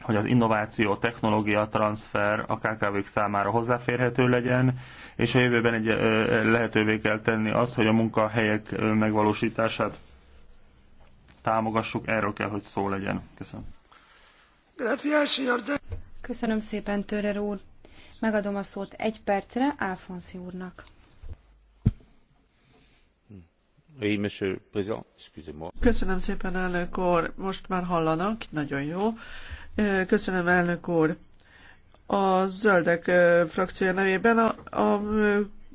hogy az innováció, technológia, transfer a KKV-k számára hozzáférhető legyen, és a jövőben egy, lehetővé kell tenni azt, hogy a munkahelyek megvalósítását támogassuk, erről kell, hogy szó legyen. Köszönöm. Köszönöm szépen, Törer úr. Megadom a szót egy percre Alfonszi úrnak. Köszönöm szépen, elnök úr. Most már hallanak, nagyon jó. Köszönöm, elnök úr. A zöldek frakció nevében a, a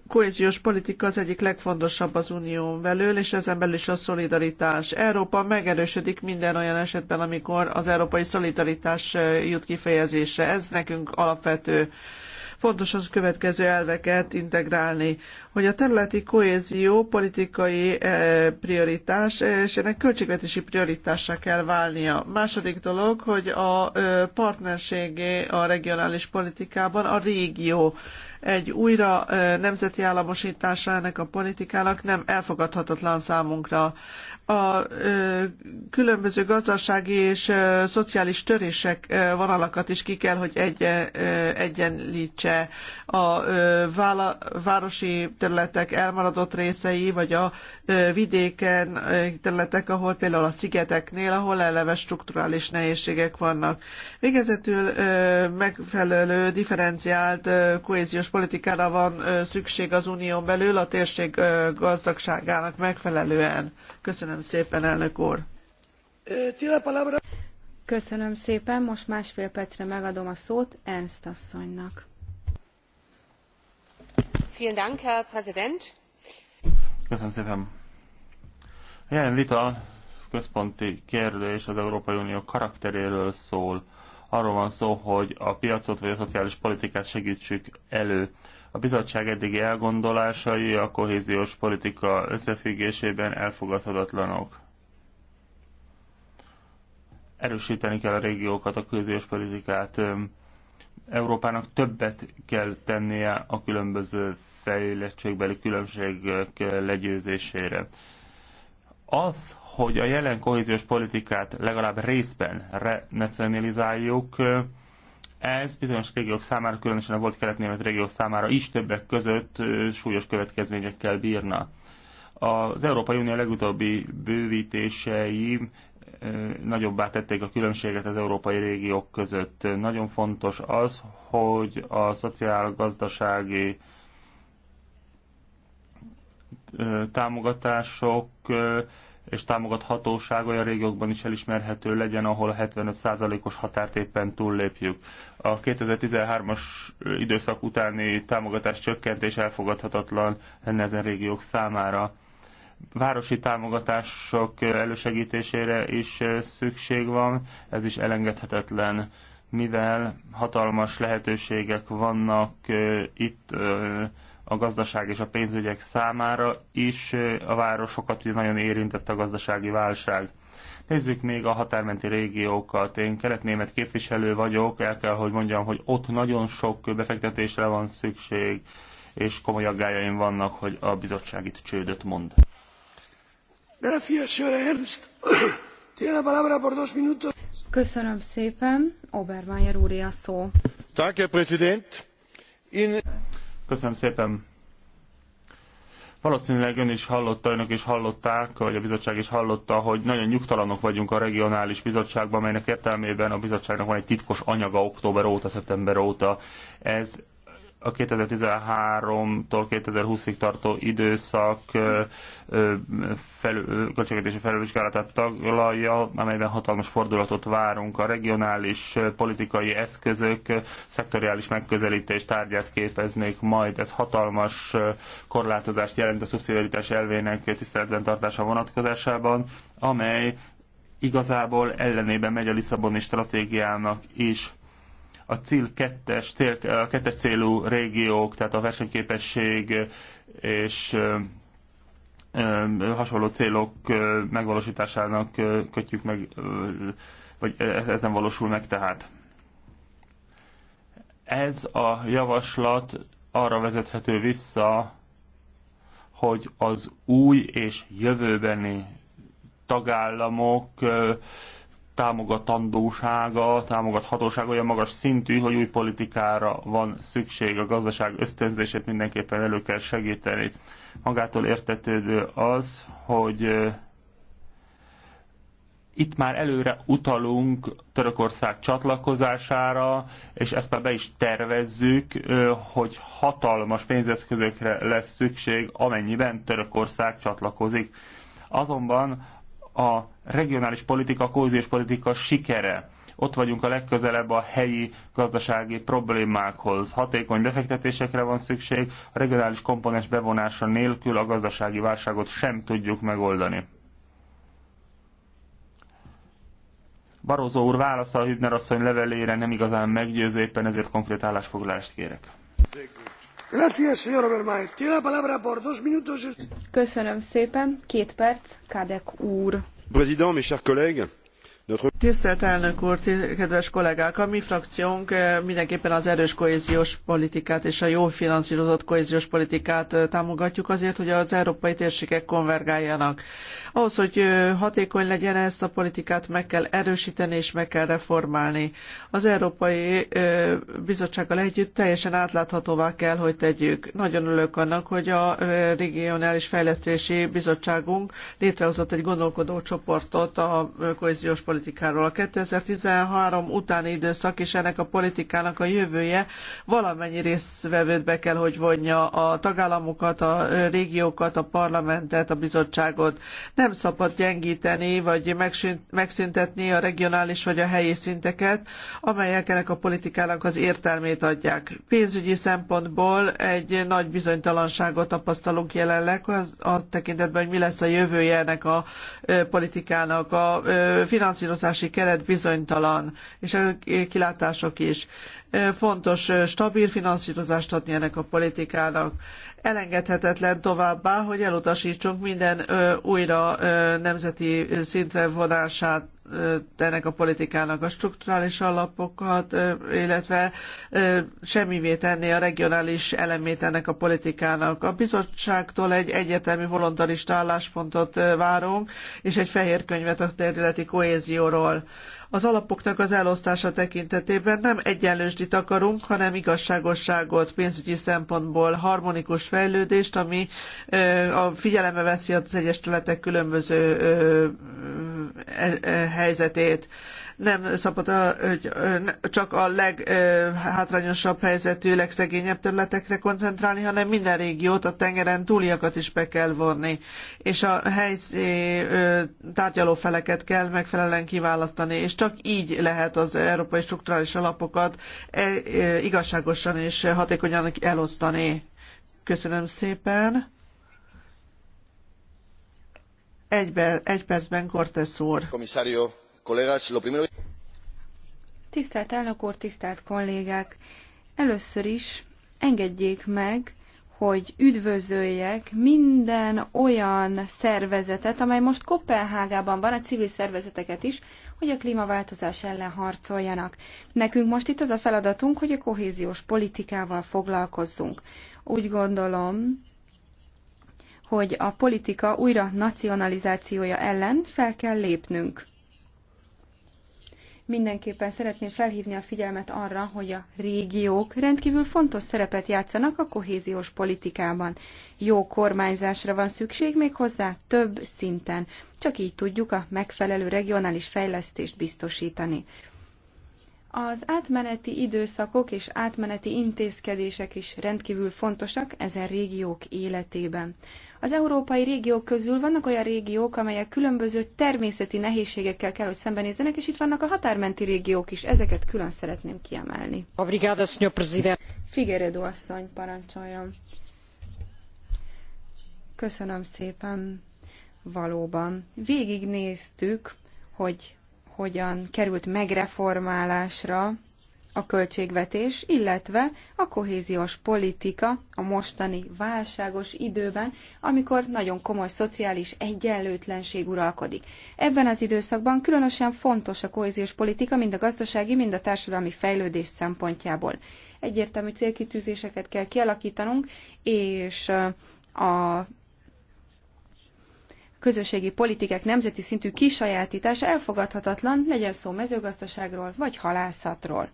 kohéziós politika az egyik legfontosabb az unión belül, és ezen belül is a szolidaritás. Európa megerősödik minden olyan esetben, amikor az európai szolidaritás eh, jut kifejezésre. Ez nekünk alapvető Fontos az következő elveket integrálni, hogy a területi kohézió politikai eh, prioritás, és ennek költségvetési prioritássá kell válnia. Második dolog, hogy a eh, partnerségé a regionális politikában a régió egy újra eh, nemzeti államosítása ennek a politikának nem elfogadhatatlan számunkra a különböző gazdasági és szociális törések vonalakat is ki kell, hogy egy, egyenlítse a városi területek elmaradott részei, vagy a vidéken területek, ahol például a szigeteknél, ahol eleve strukturális nehézségek vannak. Végezetül megfelelő, differenciált kohéziós politikára van szükség az unión belül a térség gazdagságának megfelelően. Köszönöm szépen, elnök úr! Köszönöm szépen, most másfél percre megadom a szót Ernst asszonynak. Köszönöm szépen. A jelen vita központi kérdés az Európai Unió karakteréről szól. Arról van szó, hogy a piacot vagy a szociális politikát segítsük elő. A bizottság eddigi elgondolásai a kohéziós politika összefüggésében elfogadhatatlanok. Erősíteni kell a régiókat, a kohéziós politikát. Európának többet kell tennie a különböző fejlettségbeli különbségek legyőzésére. Az, hogy a jelen kohéziós politikát legalább részben renacionalizáljuk, ez bizonyos régiók számára, különösen a volt kelet-német régiók számára is többek között súlyos következményekkel bírna. Az Európai Unió legutóbbi bővítései nagyobbá tették a különbséget az európai régiók között. Nagyon fontos az, hogy a szociál-gazdasági támogatások és támogathatóság olyan régiókban is elismerhető legyen, ahol a 75%-os határt éppen túllépjük. A 2013-as időszak utáni támogatás csökkentés elfogadhatatlan lenne ezen régiók számára. Városi támogatások elősegítésére is szükség van, ez is elengedhetetlen, mivel hatalmas lehetőségek vannak itt a gazdaság és a pénzügyek számára is a városokat ugye nagyon érintett a gazdasági válság. Nézzük még a határmenti régiókat. Én keletnémet képviselő vagyok, el kell, hogy mondjam, hogy ott nagyon sok befektetésre van szükség, és komoly aggájaim vannak, hogy a bizottság itt csődöt mond. Köszönöm szépen. Obermeier úr a szó. Danke, Präsident. In... Köszönöm szépen. Valószínűleg ön is hallotta, önök is hallották, vagy a bizottság is hallotta, hogy nagyon nyugtalanok vagyunk a regionális bizottságban, melynek értelmében a bizottságnak van egy titkos anyaga október óta, szeptember óta. Ez a 2013-tól 2020-ig tartó időszak költségvetési felülvizsgálatát taglalja, amelyben hatalmas fordulatot várunk. A regionális politikai eszközök szektoriális megközelítés tárgyát képeznék majd. Ez hatalmas korlátozást jelent a szubszidiaritás elvének tiszteletben tartása vonatkozásában, amely igazából ellenében megy a Lisszaboni stratégiának is a cél kettes, cél, a kettes célú régiók, tehát a versenyképesség és hasonló célok megvalósításának kötjük meg, vagy ez nem valósul meg tehát. Ez a javaslat arra vezethető vissza, hogy az új és jövőbeni tagállamok támogatandósága, támogathatósága olyan magas szintű, hogy új politikára van szükség, a gazdaság ösztönzését mindenképpen elő kell segíteni. Magától értetődő az, hogy itt már előre utalunk Törökország csatlakozására, és ezt már be is tervezzük, hogy hatalmas pénzeszközökre lesz szükség, amennyiben Törökország csatlakozik. Azonban a regionális politika, kohéziós politika sikere. Ott vagyunk a legközelebb a helyi gazdasági problémákhoz. Hatékony befektetésekre van szükség, a regionális komponens bevonása nélkül a gazdasági válságot sem tudjuk megoldani. Barozó úr válasza a Hübner asszony levelére nem igazán meggyőző, éppen ezért konkrét állásfoglalást kérek. Köszönöm. Köszönöm szépen. Kadek Président, mes chers collègues, Tisztelt elnök úr, kedves kollégák! A mi frakciónk eh, mindenképpen az erős kohéziós politikát és a jó finanszírozott kohéziós politikát eh, támogatjuk azért, hogy az európai térségek konvergáljanak. Ahhoz, hogy hatékony legyen ezt a politikát, meg kell erősíteni és meg kell reformálni. Az Európai Bizottsággal együtt teljesen átláthatóvá kell, hogy tegyük. Nagyon örülök annak, hogy a Regionális Fejlesztési Bizottságunk létrehozott egy gondolkodó csoportot a kohéziós politikáról. A 2013 utáni időszak és ennek a politikának a jövője valamennyi résztvevőt be kell, hogy vonja a tagállamokat, a régiókat, a parlamentet, a bizottságot nem szabad gyengíteni vagy megszüntetni a regionális vagy a helyi szinteket, amelyek ennek a politikának az értelmét adják. Pénzügyi szempontból egy nagy bizonytalanságot tapasztalunk jelenleg az, a tekintetben, hogy mi lesz a jövője ennek a politikának. A finanszírozási keret bizonytalan, és a kilátások is fontos stabil finanszírozást adni ennek a politikának elengedhetetlen továbbá, hogy elutasítsunk minden újra nemzeti szintre vonását ennek a politikának a strukturális alapokat, illetve semmivé tenni a regionális elemét ennek a politikának. A bizottságtól egy egyértelmű voluntarista álláspontot várunk, és egy fehér könyvet a területi kohézióról az alapoknak az elosztása tekintetében nem egyenlősdit akarunk, hanem igazságosságot pénzügyi szempontból, harmonikus fejlődést, ami a figyelembe veszi az egyes területek különböző helyzetét nem szabad, a, hogy csak a leghátrányosabb helyzetű, legszegényebb területekre koncentrálni, hanem minden régiót, a tengeren túliakat is be kell vonni, és a helyi tárgyalófeleket kell megfelelően kiválasztani, és csak így lehet az európai strukturális alapokat e, igazságosan és hatékonyan elosztani. Köszönöm szépen! Egyben, egy percben Cortez úr. Komisario. Tisztelt elnök úr, tisztelt kollégák! Először is engedjék meg, hogy üdvözöljek minden olyan szervezetet, amely most Kopenhágában van, a civil szervezeteket is, hogy a klímaváltozás ellen harcoljanak. Nekünk most itt az a feladatunk, hogy a kohéziós politikával foglalkozzunk. Úgy gondolom, hogy a politika újra nacionalizációja ellen fel kell lépnünk. Mindenképpen szeretném felhívni a figyelmet arra, hogy a régiók rendkívül fontos szerepet játszanak a kohéziós politikában. Jó kormányzásra van szükség még hozzá több szinten. Csak így tudjuk a megfelelő regionális fejlesztést biztosítani. Az átmeneti időszakok és átmeneti intézkedések is rendkívül fontosak ezen régiók életében. Az európai régiók közül vannak olyan régiók, amelyek különböző természeti nehézségekkel kell, hogy szembenézzenek, és itt vannak a határmenti régiók is. Ezeket külön szeretném kiemelni. Obrigada, senhor president. Figueredo asszony, parancsoljon. Köszönöm szépen. Valóban. Végignéztük, hogy hogyan került megreformálásra a költségvetés, illetve a kohéziós politika a mostani válságos időben, amikor nagyon komoly szociális egyenlőtlenség uralkodik. Ebben az időszakban különösen fontos a kohéziós politika mind a gazdasági, mind a társadalmi fejlődés szempontjából. Egyértelmű célkitűzéseket kell kialakítanunk, és a közösségi politikák nemzeti szintű kisajátítása elfogadhatatlan, legyen szó mezőgazdaságról vagy halászatról.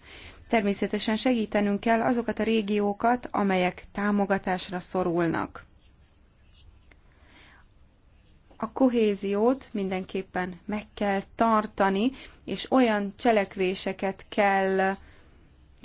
Természetesen segítenünk kell azokat a régiókat, amelyek támogatásra szorulnak. A kohéziót mindenképpen meg kell tartani, és olyan cselekvéseket kell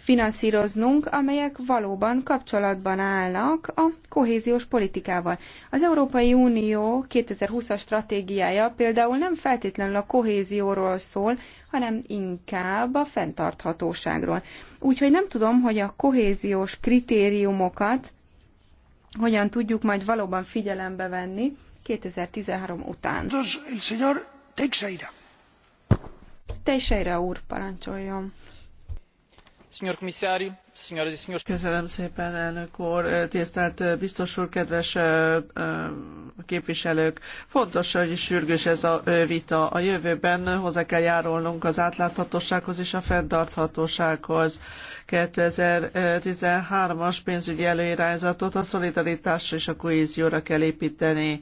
finanszíroznunk, amelyek valóban kapcsolatban állnak a kohéziós politikával. Az Európai Unió 2020-as stratégiája például nem feltétlenül a kohézióról szól, hanem inkább a fenntarthatóságról. Úgyhogy nem tudom, hogy a kohéziós kritériumokat hogyan tudjuk majd valóban figyelembe venni 2013 után. Teixeira úr, parancsoljon! szépen, tisztelt eh, biztos úr, kedves eh, eh, képviselők. Fontos, hogy sürgős ez a vita. A jövőben hozzá kell járulnunk az átláthatósághoz és a fenntarthatósághoz. 2013-as pénzügyi előirányzatot a szolidaritásra és a kohézióra kell építeni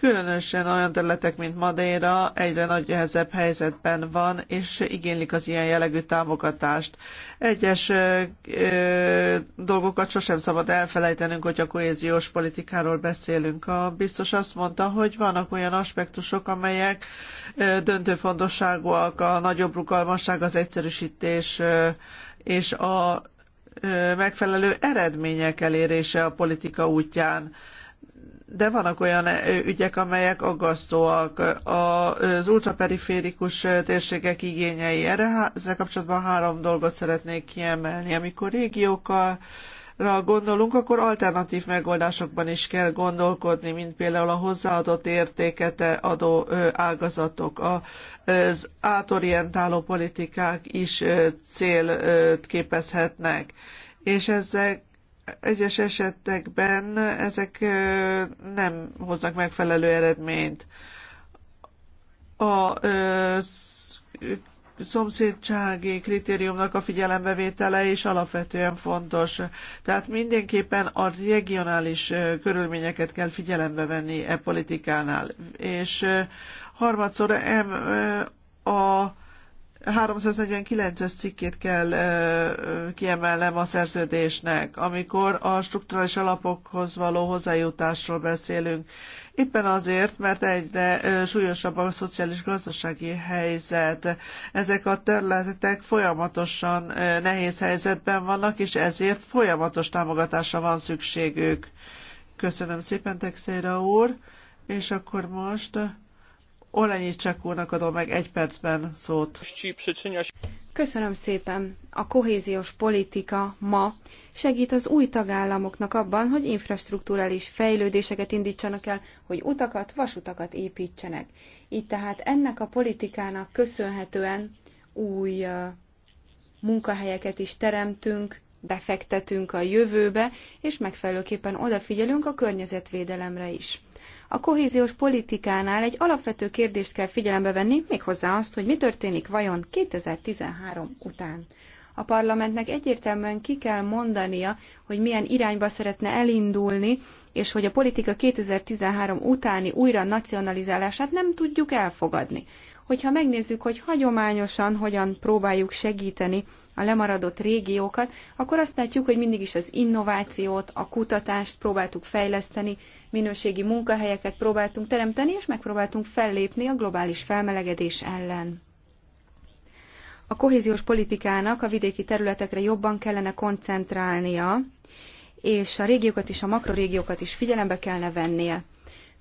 Különösen olyan területek, mint Madeira egyre nagy nehezebb helyzetben van, és igénylik az ilyen jellegű támogatást. Egyes ö, ö, dolgokat sosem szabad elfelejtenünk, hogy a kohéziós politikáról beszélünk. A biztos azt mondta, hogy vannak olyan aspektusok, amelyek ö, döntő fontosságúak, a nagyobb rugalmasság, az egyszerűsítés ö, és a megfelelő eredmények elérése a politika útján de vannak olyan ügyek, amelyek aggasztóak. Az ultraperiférikus térségek igényei. Erre ezzel kapcsolatban három dolgot szeretnék kiemelni. Amikor régiókkal ra gondolunk, akkor alternatív megoldásokban is kell gondolkodni, mint például a hozzáadott értéket adó ágazatok. Az átorientáló politikák is célt képezhetnek és ezek egyes esetekben ezek nem hoznak megfelelő eredményt. A szomszédsági kritériumnak a figyelembevétele is alapvetően fontos. Tehát mindenképpen a regionális körülményeket kell figyelembe venni e politikánál. És harmadszor a 349-es cikkét kell kiemelnem a szerződésnek, amikor a strukturális alapokhoz való hozzájutásról beszélünk. Éppen azért, mert egyre súlyosabb a szociális-gazdasági helyzet. Ezek a területek folyamatosan nehéz helyzetben vannak, és ezért folyamatos támogatásra van szükségük. Köszönöm szépen, Texeira úr, és akkor most... Olejnicsek úrnak adom meg egy percben szót. Köszönöm szépen. A kohéziós politika ma segít az új tagállamoknak abban, hogy infrastruktúrális fejlődéseket indítsanak el, hogy utakat, vasutakat építsenek. Így tehát ennek a politikának köszönhetően új munkahelyeket is teremtünk, befektetünk a jövőbe, és megfelelőképpen odafigyelünk a környezetvédelemre is. A kohéziós politikánál egy alapvető kérdést kell figyelembe venni, méghozzá azt, hogy mi történik vajon 2013 után. A parlamentnek egyértelműen ki kell mondania, hogy milyen irányba szeretne elindulni, és hogy a politika 2013 utáni újra nacionalizálását nem tudjuk elfogadni. Hogyha megnézzük, hogy hagyományosan hogyan próbáljuk segíteni a lemaradott régiókat, akkor azt látjuk, hogy mindig is az innovációt, a kutatást próbáltuk fejleszteni, minőségi munkahelyeket próbáltunk teremteni, és megpróbáltunk fellépni a globális felmelegedés ellen. A kohéziós politikának a vidéki területekre jobban kellene koncentrálnia, és a régiókat is, a makrorégiókat is figyelembe kellene vennie.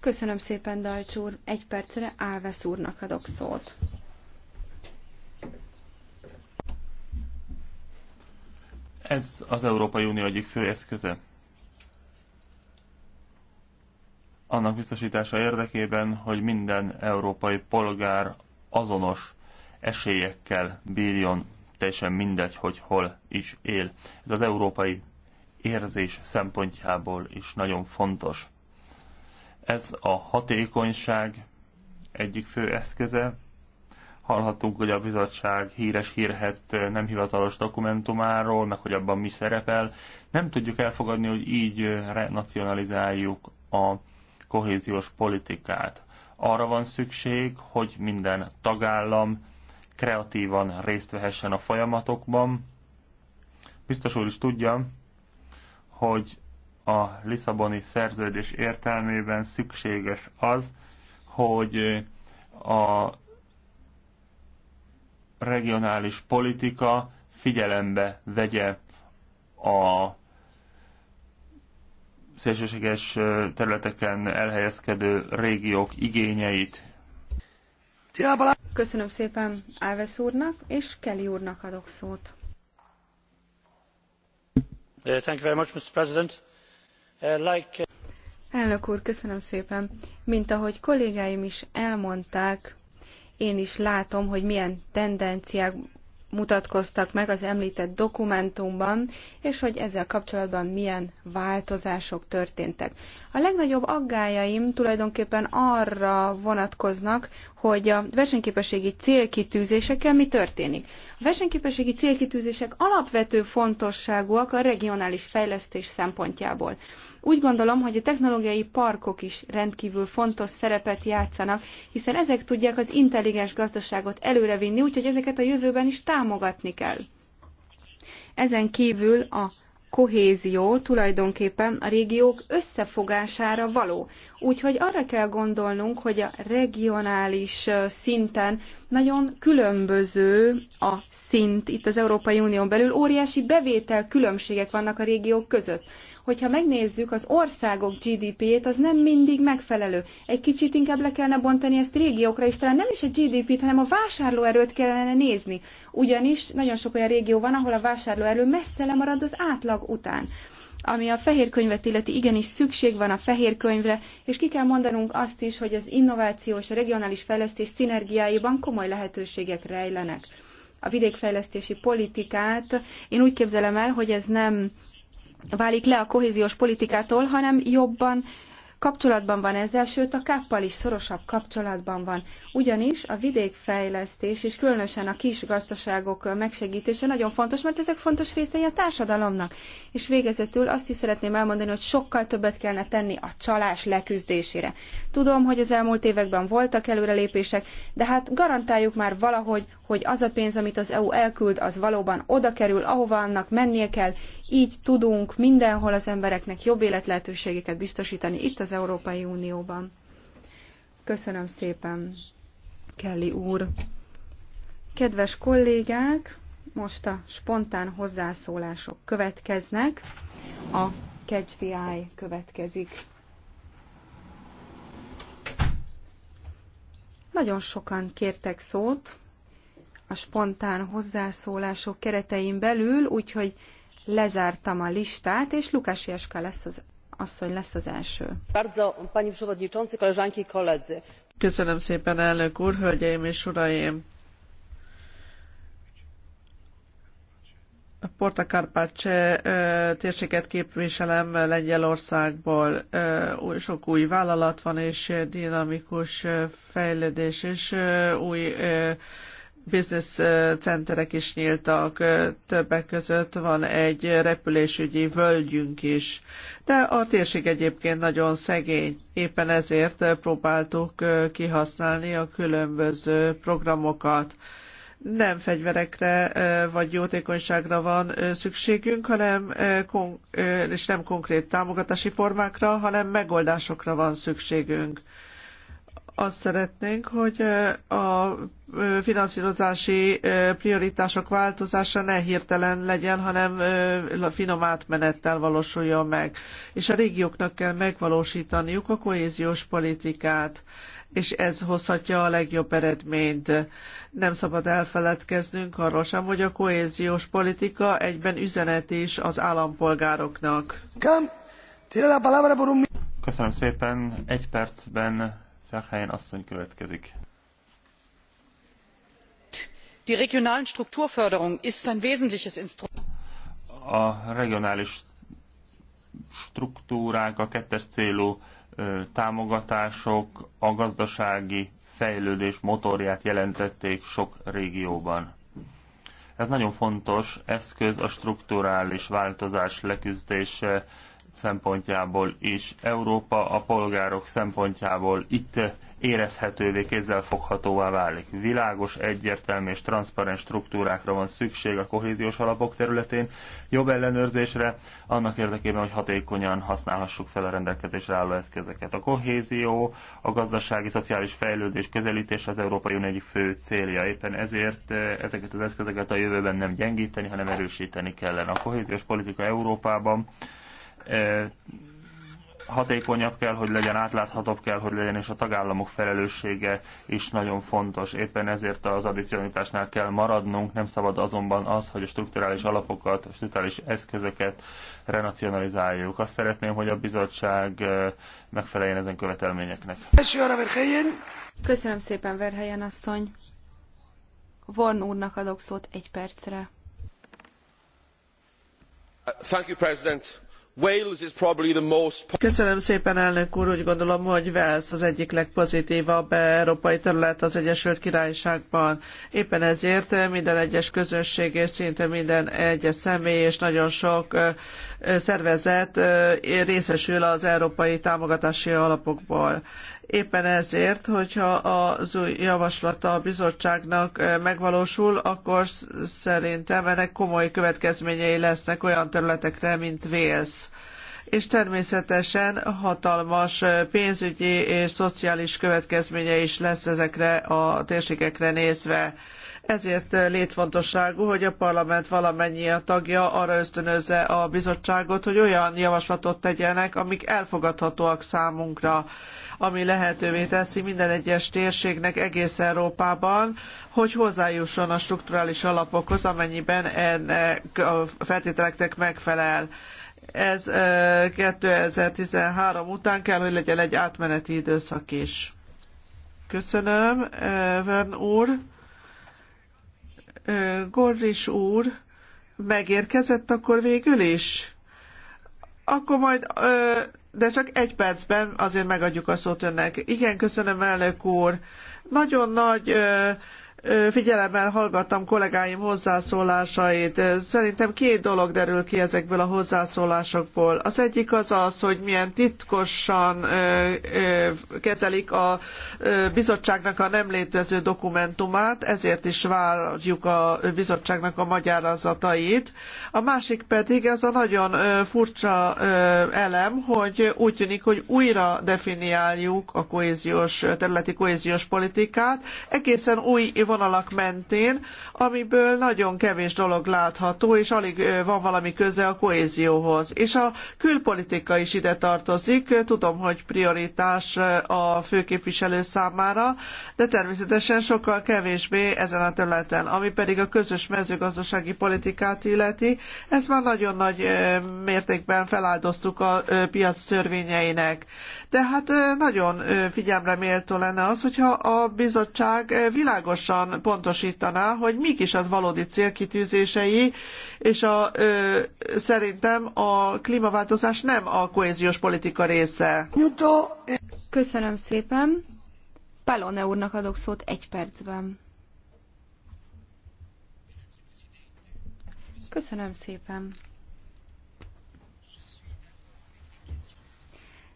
Köszönöm szépen, Deutsch úr. Egy percre Álvesz úrnak adok szót. Ez az Európai Unió egyik fő eszköze. Annak biztosítása érdekében, hogy minden európai polgár azonos esélyekkel bírjon, teljesen mindegy, hogy hol is él. Ez az európai érzés szempontjából is nagyon fontos. Ez a hatékonyság egyik fő eszköze. Hallhattunk, hogy a bizottság híres hírhet nem hivatalos dokumentumáról, meg hogy abban mi szerepel. Nem tudjuk elfogadni, hogy így renacionalizáljuk a kohéziós politikát. Arra van szükség, hogy minden tagállam kreatívan részt vehessen a folyamatokban. Biztos úr is tudja, hogy a Lisszaboni szerződés értelmében szükséges az, hogy a regionális politika figyelembe vegye a szélsőséges területeken elhelyezkedő régiók igényeit. Köszönöm szépen Áves úrnak, és Kelly úrnak adok szót. Elnök úr, köszönöm szépen. Mint ahogy kollégáim is elmondták, én is látom, hogy milyen tendenciák mutatkoztak meg az említett dokumentumban, és hogy ezzel kapcsolatban milyen változások történtek. A legnagyobb aggájaim tulajdonképpen arra vonatkoznak, hogy a versenyképességi célkitűzésekkel mi történik. A versenyképességi célkitűzések alapvető fontosságúak a regionális fejlesztés szempontjából. Úgy gondolom, hogy a technológiai parkok is rendkívül fontos szerepet játszanak, hiszen ezek tudják az intelligens gazdaságot előrevinni, úgyhogy ezeket a jövőben is támogatni kell. Ezen kívül a kohézió tulajdonképpen a régiók összefogására való. Úgyhogy arra kell gondolnunk, hogy a regionális szinten nagyon különböző a szint itt az Európai Unión belül, óriási bevétel különbségek vannak a régiók között. Hogyha megnézzük az országok GDP-jét, az nem mindig megfelelő. Egy kicsit inkább le kellene bontani ezt régiókra, és talán nem is a GDP-t, hanem a vásárlóerőt kellene nézni. Ugyanis nagyon sok olyan régió van, ahol a vásárlóerő messze lemarad az átlag után. Ami a fehér könyvet illeti, igenis szükség van a fehér könyvre, és ki kell mondanunk azt is, hogy az és a regionális fejlesztés szinergiáiban komoly lehetőségek rejlenek. A vidékfejlesztési politikát én úgy képzelem el, hogy ez nem válik le a kohéziós politikától, hanem jobban kapcsolatban van ezzel, sőt a káppal is szorosabb kapcsolatban van. Ugyanis a vidékfejlesztés és különösen a kis gazdaságok megsegítése nagyon fontos, mert ezek fontos részei a társadalomnak. És végezetül azt is szeretném elmondani, hogy sokkal többet kellene tenni a csalás leküzdésére. Tudom, hogy az elmúlt években voltak előrelépések, de hát garantáljuk már valahogy, hogy az a pénz, amit az EU elküld, az valóban oda kerül, ahova annak mennie kell. Így tudunk mindenhol az embereknek jobb életlehetőségeket biztosítani itt az Európai Unióban. Köszönöm szépen, Kelly úr. Kedves kollégák, most a spontán hozzászólások következnek. A Catch the Eye következik. Nagyon sokan kértek szót a spontán hozzászólások keretein belül, úgyhogy lezártam a listát, és Lukás Jeska lesz az asszony lesz az első. Köszönöm szépen, elnök úr, hölgyeim és uraim! Portakarpace térséget képviselem Lengyelországból. Sok új vállalat van, és dinamikus fejlődés, és új business centerek is nyíltak, többek között van egy repülésügyi völgyünk is. De a térség egyébként nagyon szegény, éppen ezért próbáltuk kihasználni a különböző programokat nem fegyverekre vagy jótékonyságra van szükségünk, hanem és nem konkrét támogatási formákra, hanem megoldásokra van szükségünk. Azt szeretnénk, hogy a finanszírozási prioritások változása ne hirtelen legyen, hanem finom átmenettel valósuljon meg. És a régióknak kell megvalósítaniuk a kohéziós politikát és ez hozhatja a legjobb eredményt. Nem szabad elfeledkeznünk arról sem, hogy a kohéziós politika egyben üzenet is az állampolgároknak. Köszönöm szépen. Egy percben Ferhelyen asszony következik. Die regionalen Strukturförderung ist ein wesentliches Instrument. A regionális struktúrák a kettes célú támogatások a gazdasági fejlődés motorját jelentették sok régióban. Ez nagyon fontos eszköz a strukturális változás leküzdése szempontjából is. Európa a polgárok szempontjából itt érezhetővé, foghatóvá válik. Világos, egyértelmű és transzparens struktúrákra van szükség a kohéziós alapok területén, jobb ellenőrzésre, annak érdekében, hogy hatékonyan használhassuk fel a rendelkezésre álló eszközöket. A kohézió, a gazdasági, szociális fejlődés közelítés az Európai Unió egyik fő célja. Éppen ezért eh, ezeket az eszközöket a jövőben nem gyengíteni, hanem erősíteni kellene. A kohéziós politika Európában eh, hatékonyabb kell, hogy legyen, átláthatóbb kell, hogy legyen, és a tagállamok felelőssége is nagyon fontos. Éppen ezért az addicionitásnál kell maradnunk, nem szabad azonban az, hogy a strukturális alapokat, a strukturális eszközöket renacionalizáljuk. Azt szeretném, hogy a bizottság megfeleljen ezen követelményeknek. Köszönöm szépen, Verhelyen asszony. Von úrnak adok szót egy percre. Thank you, President Wales is probably the most... Köszönöm szépen, elnök úr. Úgy gondolom, hogy Wales az egyik legpozitívabb európai terület az Egyesült Királyságban. Éppen ezért minden egyes közösség és szinte minden egyes személy és nagyon sok szervezet részesül az európai támogatási alapokból. Éppen ezért, hogyha az új javaslata a bizottságnak eh, megvalósul, akkor szerintem ennek komoly következményei lesznek olyan területekre, mint Wales és természetesen hatalmas eh, pénzügyi és szociális következménye is lesz ezekre a térségekre nézve. Ezért eh, létfontosságú, hogy a parlament valamennyi a tagja arra ösztönözze a bizottságot, hogy olyan javaslatot tegyenek, amik elfogadhatóak számunkra ami lehetővé teszi minden egyes térségnek egész Európában, hogy hozzájusson a strukturális alapokhoz, amennyiben ennek a feltételeknek megfelel. Ez 2013 után kell, hogy legyen egy átmeneti időszak is. Köszönöm, Vern úr. Gorris úr megérkezett akkor végül is? Akkor majd ö, de csak egy percben azért megadjuk a szót önnek. Igen, köszönöm, elnök úr. Nagyon nagy figyelemmel hallgattam kollégáim hozzászólásait. Szerintem két dolog derül ki ezekből a hozzászólásokból. Az egyik az az, hogy milyen titkosan kezelik a bizottságnak a nem létező dokumentumát, ezért is várjuk a bizottságnak a magyarázatait. A másik pedig ez a nagyon furcsa elem, hogy úgy tűnik, hogy újra definiáljuk a kohéziós, területi kohéziós politikát, egészen új vonalak mentén, amiből nagyon kevés dolog látható, és alig van valami köze a kohézióhoz. És a külpolitika is ide tartozik, tudom, hogy prioritás a főképviselő számára, de természetesen sokkal kevésbé ezen a területen. Ami pedig a közös mezőgazdasági politikát illeti, ezt már nagyon nagy mértékben feláldoztuk a piac törvényeinek. De hát nagyon figyelemre méltó lenne az, hogyha a bizottság világosan pontosan pontosítaná, hogy mik is az valódi célkitűzései, és a, ö, szerintem a klímaváltozás nem a kohéziós politika része. Köszönöm szépen. Palone úrnak adok szót egy percben. Köszönöm szépen.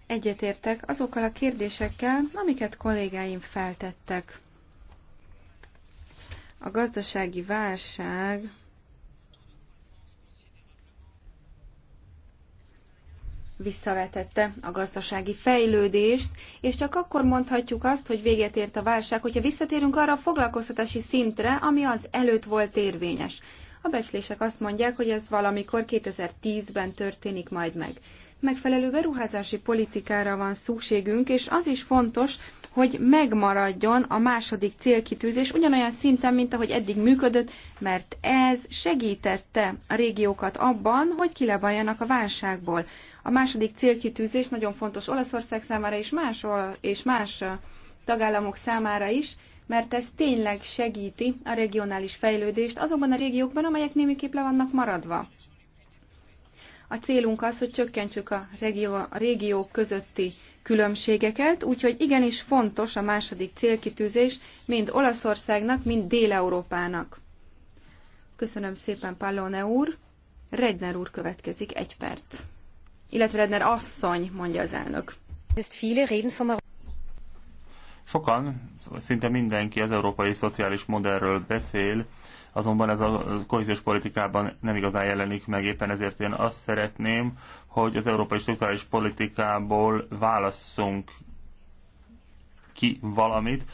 Egyetértek azokkal a kérdésekkel, amiket kollégáim feltettek. A gazdasági válság visszavetette a gazdasági fejlődést, és csak akkor mondhatjuk azt, hogy véget ért a válság, hogyha visszatérünk arra a foglalkoztatási szintre, ami az előtt volt érvényes. A becslések azt mondják, hogy ez valamikor 2010-ben történik majd meg. Megfelelő beruházási politikára van szükségünk, és az is fontos, hogy megmaradjon a második célkitűzés ugyanolyan szinten, mint ahogy eddig működött, mert ez segítette a régiókat abban, hogy kilebajjanak a válságból. A második célkitűzés nagyon fontos Olaszország számára és más, és más tagállamok számára is, mert ez tényleg segíti a regionális fejlődést azokban a régiókban, amelyek némiképp le vannak maradva. A célunk az, hogy csökkentsük a, régió, a régiók közötti különbségeket, úgyhogy igenis fontos a második célkitűzés mind Olaszországnak, mind Dél-Európának. Köszönöm szépen, Pallone úr. Redner úr következik, egy perc. Illetve Redner asszony, mondja az elnök. Sokan, szinte mindenki az európai szociális modellről beszél, azonban ez a kohéziós politikában nem igazán jelenik meg, éppen ezért én azt szeretném, hogy az európai strukturális politikából válasszunk ki valamit,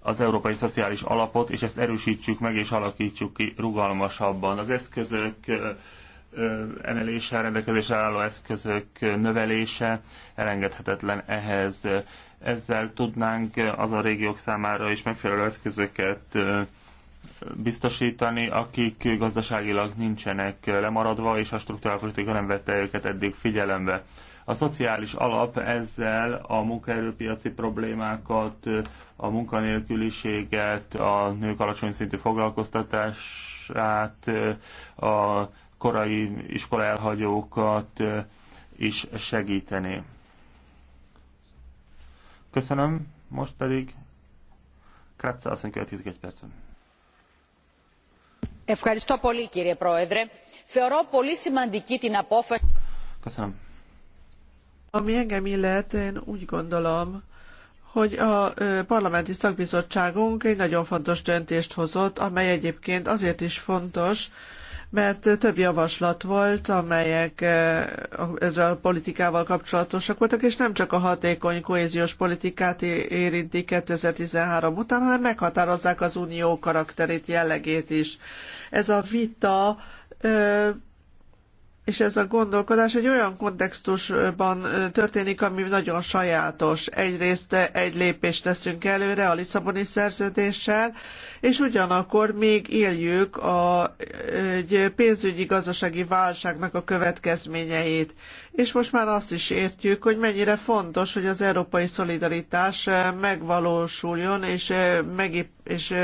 az európai szociális alapot, és ezt erősítsük meg és alakítsuk ki rugalmasabban. Az eszközök emelése, rendelkezésre álló eszközök növelése elengedhetetlen ehhez. Ezzel tudnánk az a régiók számára is megfelelő eszközöket biztosítani, akik gazdaságilag nincsenek lemaradva, és a struktúrálpolitika nem vette őket eddig figyelembe. A szociális alap ezzel a munkaerőpiaci problémákat, a munkanélküliséget, a nők alacsony szintű foglalkoztatását, a korai iskola elhagyókat is segíteni. Köszönöm, most pedig Kratza, azt hogy 11 percben. Köszönöm. Ami engem illet, én úgy gondolom, hogy a parlamenti szakbizottságunk egy nagyon fontos döntést hozott, amely egyébként azért is fontos, mert több javaslat volt, amelyek eh, ezzel a politikával kapcsolatosak voltak, és nem csak a hatékony kohéziós politikát érinti 2013 után, hanem meghatározzák az unió karakterét, jellegét is. Ez a vita eh, és ez a gondolkodás egy olyan kontextusban történik, ami nagyon sajátos. Egyrészt egy lépést teszünk előre a Lisszaboni szerződéssel, és ugyanakkor még éljük a egy pénzügyi gazdasági válságnak a következményeit. És most már azt is értjük, hogy mennyire fontos, hogy az európai szolidaritás megvalósuljon és, megép, és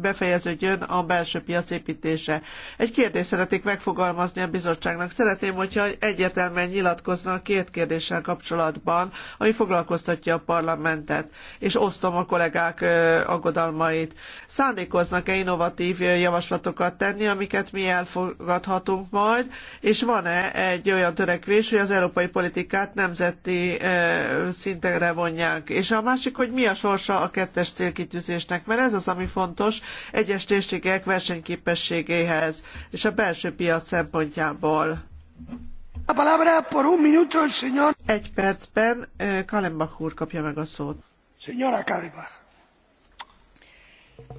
befejeződjön a belső piac építése. Egy kérdést szeretnék megfogalmazni a bizottságnak. Szeretném, hogyha egyértelműen nyilatkozna a két kérdéssel kapcsolatban, ami foglalkoztatja a parlamentet, és osztom a kollégák aggodalmait. Szándékoznak-e innovatív javaslatokat tenni, amiket mi elfogadhatunk majd, és van-e egy olyan törekvés, hogy az európai politikát nemzeti szintre vonják? És a másik, hogy mi a sorsa a kettes célkitűzésnek, mert ez az, ami fontos, egyes térségek versenyképességéhez és a belső piac szempontjából. A palabra por un minuto el señor. Egy percben Kalembach úr kapja meg a szót. Señora Kalembach.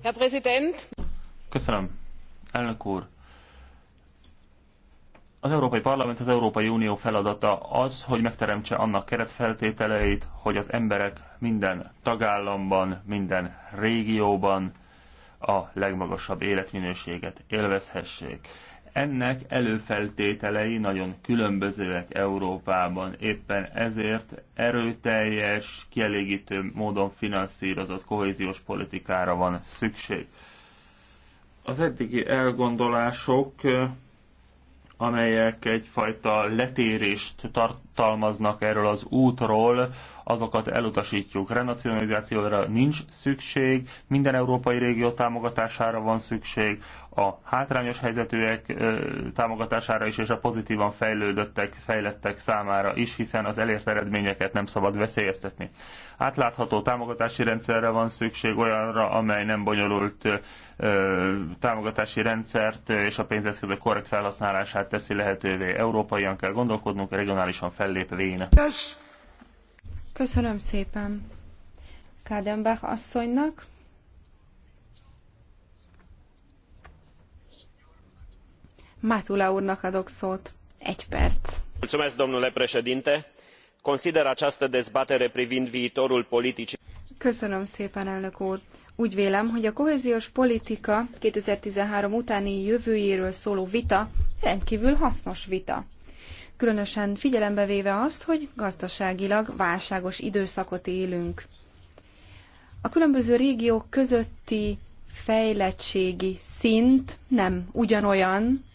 Herr Präsident. Köszönöm. Elnök úr. Az Európai Parlament, az Európai Unió feladata az, hogy megteremtse annak keretfeltételeit, hogy az emberek minden tagállamban, minden régióban a legmagasabb életminőséget élvezhessék. Ennek előfeltételei nagyon különbözőek Európában, éppen ezért erőteljes, kielégítő módon finanszírozott kohéziós politikára van szükség. Az eddigi elgondolások amelyek egyfajta letérést tartalmaznak erről az útról, azokat elutasítjuk. Renacionalizációra nincs szükség, minden európai régió támogatására van szükség, a hátrányos helyzetűek támogatására is, és a pozitívan fejlődöttek, fejlettek számára is, hiszen az elért eredményeket nem szabad veszélyeztetni. Átlátható támogatási rendszerre van szükség olyanra, amely nem bonyolult támogatási rendszert és a pénzeszközök korrekt felhasználását teszi lehetővé. Európaian kell gondolkodnunk, regionálisan fellépvén. Yes. Köszönöm szépen Kádenbach asszonynak. Matula úrnak adok szót. Egy perc. Mulțumesc, domnule președinte. Consider această dezbatere privind viitorul politicii. Köszönöm szépen, elnök úr. Úgy vélem, hogy a kohéziós politika 2013 utáni jövőjéről szóló vita rendkívül hasznos vita különösen figyelembe véve azt, hogy gazdaságilag válságos időszakot élünk. A különböző régiók közötti fejlettségi szint nem ugyanolyan,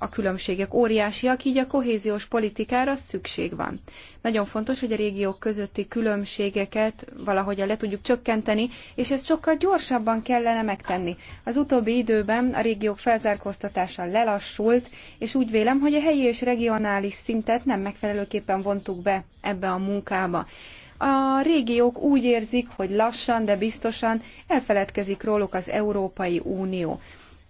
a különbségek óriásiak, így a kohéziós politikára szükség van. Nagyon fontos, hogy a régiók közötti különbségeket valahogy le tudjuk csökkenteni, és ezt sokkal gyorsabban kellene megtenni. Az utóbbi időben a régiók felzárkóztatása lelassult, és úgy vélem, hogy a helyi és regionális szintet nem megfelelőképpen vontuk be ebbe a munkába. A régiók úgy érzik, hogy lassan, de biztosan elfeledkezik róluk az Európai Unió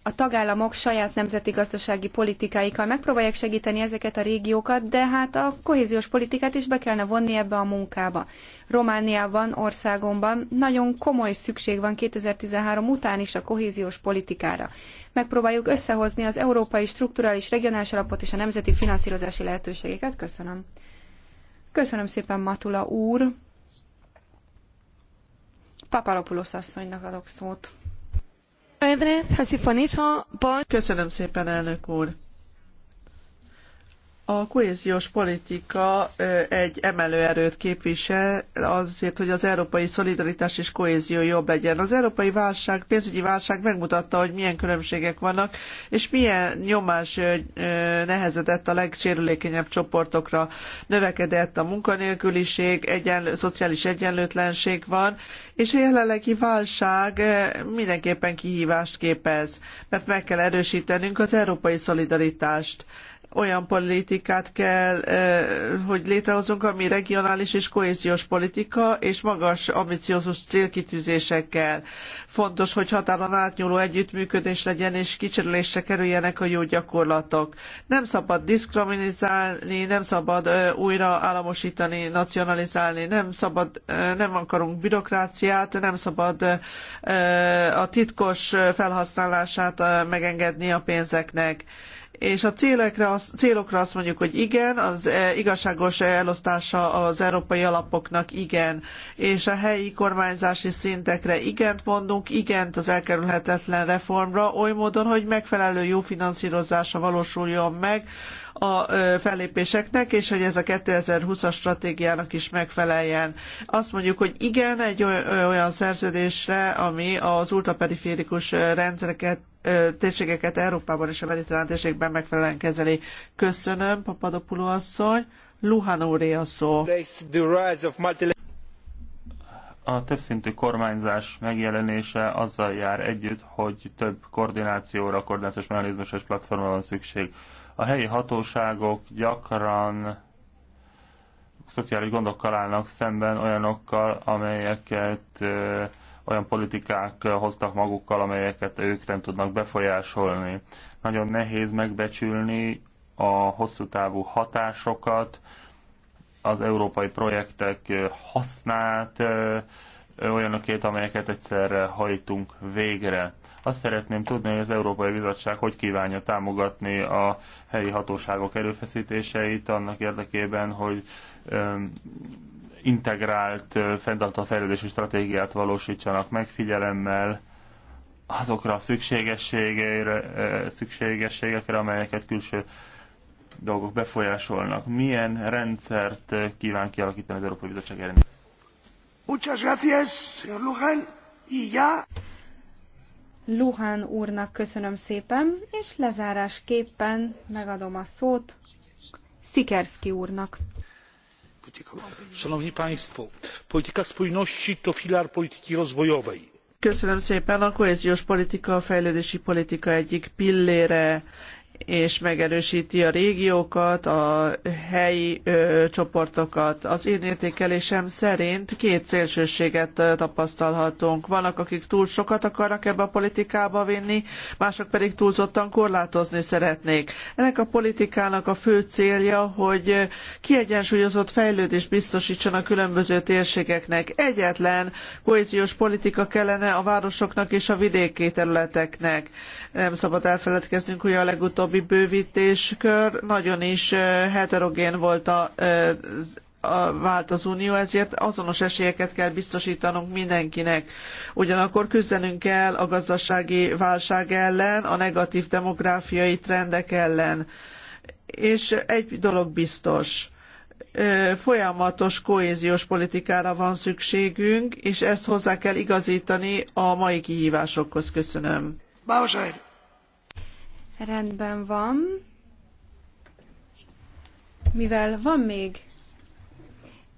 a tagállamok saját nemzeti gazdasági politikáikkal megpróbálják segíteni ezeket a régiókat, de hát a kohéziós politikát is be kellene vonni ebbe a munkába. Romániában, országomban nagyon komoly szükség van 2013 után is a kohéziós politikára. Megpróbáljuk összehozni az európai strukturális regionális alapot és a nemzeti finanszírozási lehetőségeket. Köszönöm. Köszönöm szépen, Matula úr. Papalopoulos asszonynak adok szót. Köszönöm szépen, elnök úr! A kohéziós politika egy emelőerőt képvisel azért, hogy az európai szolidaritás és kohézió jobb legyen. Az európai válság, pénzügyi válság megmutatta, hogy milyen különbségek vannak, és milyen nyomás nehezedett a legsérülékenyebb csoportokra. Növekedett a munkanélküliség, egyenlő, szociális egyenlőtlenség van, és a jelenlegi válság mindenképpen kihívást képez, mert meg kell erősítenünk az európai szolidaritást olyan politikát kell, hogy létrehozunk, ami regionális és kohéziós politika, és magas, ambiciózus célkitűzésekkel. Fontos, hogy határon átnyúló együttműködés legyen, és kicserélésre kerüljenek a jó gyakorlatok. Nem szabad diszkriminálni, nem szabad újra államosítani, nacionalizálni, nem szabad, nem akarunk bürokráciát, nem szabad a titkos felhasználását megengedni a pénzeknek és a célekre, célokra azt mondjuk, hogy igen, az e, igazságos elosztása az európai alapoknak igen, és a helyi kormányzási szintekre igent mondunk, igent az elkerülhetetlen reformra, oly módon, hogy megfelelő jó finanszírozása valósuljon meg a fellépéseknek, és hogy ez a 2020-as stratégiának is megfeleljen. Azt mondjuk, hogy igen, egy olyan szerződésre, ami az ultraperiférikus rendszereket térségeket Európában és a mediterrán térségben megfelelően kezeli. Köszönöm, Papadopoulou asszony. Luhan úré a szó. A többszintű kormányzás megjelenése azzal jár együtt, hogy több koordinációra, koordinációs mechanizmusra és platformra van szükség. A helyi hatóságok gyakran szociális gondokkal állnak szemben olyanokkal, amelyeket olyan politikák hoztak magukkal, amelyeket ők nem tudnak befolyásolni. Nagyon nehéz megbecsülni a hosszú távú hatásokat, az európai projektek hasznát, olyanokét, amelyeket egyszerre hajtunk végre. Azt szeretném tudni, hogy az Európai Bizottság hogy kívánja támogatni a helyi hatóságok erőfeszítéseit annak érdekében, hogy integrált, fenntartó fejlődési stratégiát valósítsanak meg figyelemmel azokra a szükségességekre, szükségességekre, amelyeket külső dolgok befolyásolnak. Milyen rendszert kíván kialakítani az Európai Bizottság ellen? Muchas gracias, señor Luján. Y ya... Luhán úrnak köszönöm szépen, és lezárásképpen megadom a szót Szikerszki úrnak polityka spójności to filar polityki rozwojowej. köszönöm szépen a kohéziós politika a fejlődési politika egyik pillére és megerősíti a régiókat, a helyi ö, csoportokat. Az én értékelésem szerint két szélsőséget ö, tapasztalhatunk. Vannak, akik túl sokat akarnak ebbe a politikába vinni, mások pedig túlzottan korlátozni szeretnék. Ennek a politikának a fő célja, hogy kiegyensúlyozott fejlődést biztosítson a különböző térségeknek. Egyetlen kohéziós politika kellene a városoknak és a vidéki területeknek. Nem szabad elfeledkeznünk, hogy a legutóbb utóbbi bővítéskör nagyon is heterogén volt a, a, vált az unió, ezért azonos esélyeket kell biztosítanunk mindenkinek. Ugyanakkor küzdenünk kell a gazdasági válság ellen, a negatív demográfiai trendek ellen. És egy dolog biztos folyamatos kohéziós politikára van szükségünk, és ezt hozzá kell igazítani a mai kihívásokhoz. Köszönöm. Bauer. Rendben van. Mivel van még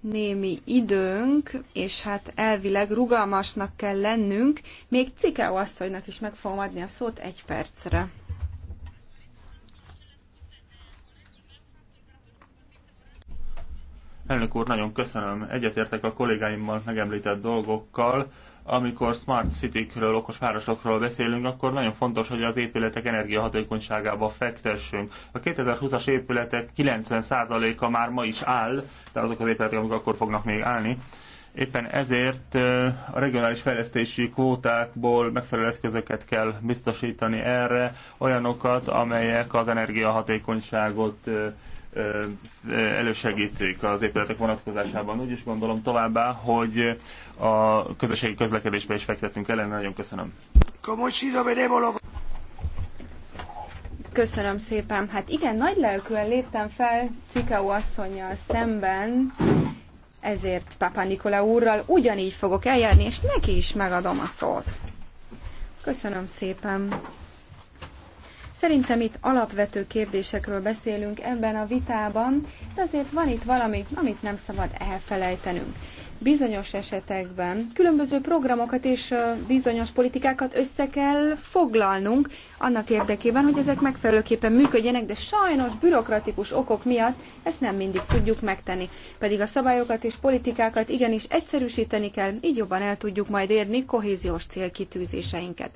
némi időnk, és hát elvileg rugalmasnak kell lennünk, még Cikeo asszonynak is meg fogom adni a szót egy percre. Elnök úr, nagyon köszönöm. Egyetértek a kollégáimmal megemlített dolgokkal amikor smart city-kről, okos városokról beszélünk, akkor nagyon fontos, hogy az épületek energiahatékonyságába fektessünk. A 2020-as épületek 90%-a már ma is áll, de azok az épületek, amik akkor fognak még állni. Éppen ezért a regionális fejlesztési kvótákból megfelelő eszközöket kell biztosítani erre, olyanokat, amelyek az energiahatékonyságot elősegítik az épületek vonatkozásában. Úgy is gondolom továbbá, hogy a közösségi közlekedésbe is fektetünk ellen. Nagyon köszönöm. Köszönöm szépen. Hát igen, nagy lelkűen léptem fel Cikau asszonyjal szemben, ezért Papa Nikola úrral ugyanígy fogok eljárni, és neki is megadom a szót. Köszönöm szépen. Szerintem itt alapvető kérdésekről beszélünk ebben a vitában, de azért van itt valami, amit nem szabad elfelejtenünk. Bizonyos esetekben különböző programokat és bizonyos politikákat össze kell foglalnunk annak érdekében, hogy ezek megfelelőképpen működjenek, de sajnos bürokratikus okok miatt ezt nem mindig tudjuk megtenni. Pedig a szabályokat és politikákat igenis egyszerűsíteni kell, így jobban el tudjuk majd érni kohéziós célkitűzéseinket.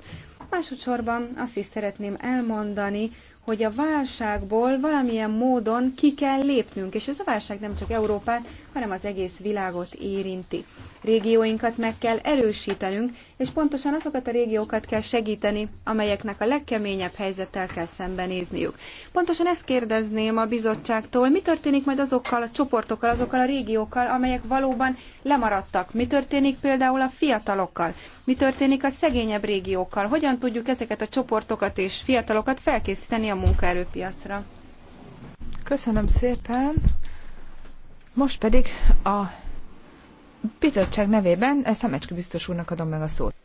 Másodszorban azt is szeretném elmondani, hogy a válságból valamilyen módon ki kell lépnünk, és ez a válság nem csak Európát, hanem az egész világot érinti régióinkat meg kell erősítenünk, és pontosan azokat a régiókat kell segíteni, amelyeknek a legkeményebb helyzettel kell szembenézniük. Pontosan ezt kérdezném a bizottságtól, mi történik majd azokkal a csoportokkal, azokkal a régiókkal, amelyek valóban lemaradtak? Mi történik például a fiatalokkal? Mi történik a szegényebb régiókkal? Hogyan tudjuk ezeket a csoportokat és fiatalokat felkészíteni a munkaerőpiacra? Köszönöm szépen! Most pedig a bizottság nevében eh, Szemecski biztos úrnak adom meg a szót.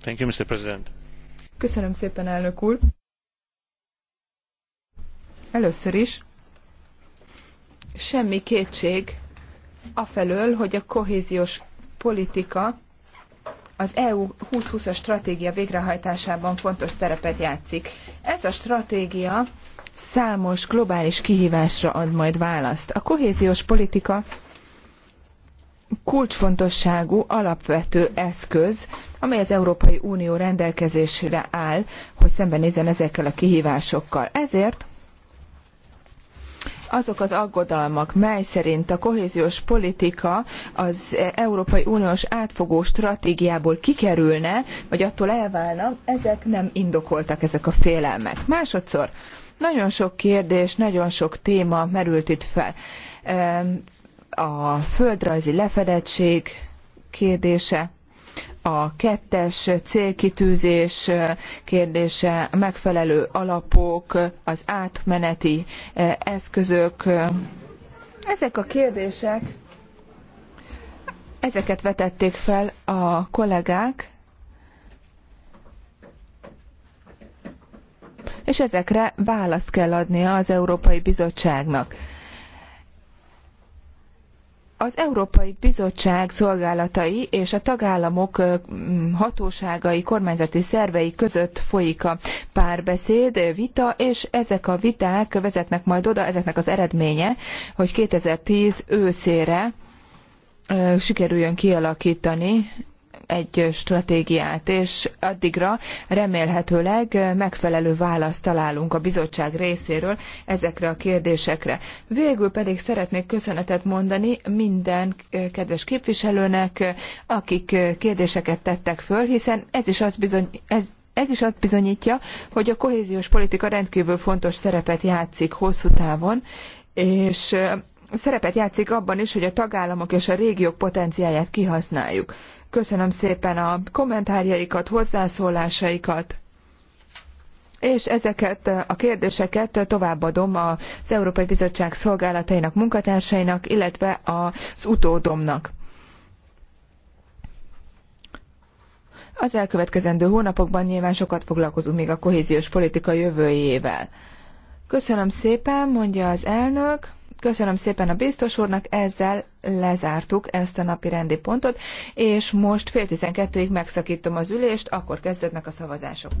Thank you, Mr. President. Köszönöm szépen, elnök úr. Először is semmi kétség afelől, hogy a kohéziós politika az EU 2020-as stratégia végrehajtásában fontos szerepet játszik. Ez a stratégia számos globális kihívásra ad majd választ. A kohéziós politika kulcsfontosságú, alapvető eszköz, amely az Európai Unió rendelkezésére áll, hogy szembenézzen ezekkel a kihívásokkal. Ezért azok az aggodalmak, mely szerint a kohéziós politika az Európai Uniós átfogó stratégiából kikerülne, vagy attól elválna, ezek nem indokoltak, ezek a félelmek. Másodszor, nagyon sok kérdés, nagyon sok téma merült itt fel. A földrajzi lefedettség kérdése, a kettes célkitűzés kérdése, a megfelelő alapok, az átmeneti eh, eszközök. Eh, ezek a kérdések, ezeket vetették fel a kollégák, és ezekre választ kell adnia az Európai Bizottságnak. Az Európai Bizottság szolgálatai és a tagállamok hatóságai, kormányzati szervei között folyik a párbeszéd, vita, és ezek a viták vezetnek majd oda, ezeknek az eredménye, hogy 2010 őszére sikerüljön kialakítani egy stratégiát, és addigra remélhetőleg megfelelő választ találunk a bizottság részéről ezekre a kérdésekre. Végül pedig szeretnék köszönetet mondani minden kedves képviselőnek, akik kérdéseket tettek föl, hiszen ez is azt bizony, ez ez is azt bizonyítja, hogy a kohéziós politika rendkívül fontos szerepet játszik hosszú távon, és szerepet játszik abban is, hogy a tagállamok és a régiók potenciáját kihasználjuk. Köszönöm szépen a kommentárjaikat, hozzászólásaikat, és ezeket eh, a kérdéseket továbbadom az Európai Bizottság szolgálatainak, munkatársainak, illetve az utódomnak. Az elkövetkezendő hónapokban nyilván sokat foglalkozunk még a kohéziós politika jövőjével. Köszönöm szépen, mondja az elnök. Köszönöm szépen a biztos úrnak, ezzel lezártuk ezt a napi rendi pontot, és most fél tizenkettőig megszakítom az ülést, akkor kezdődnek a szavazások.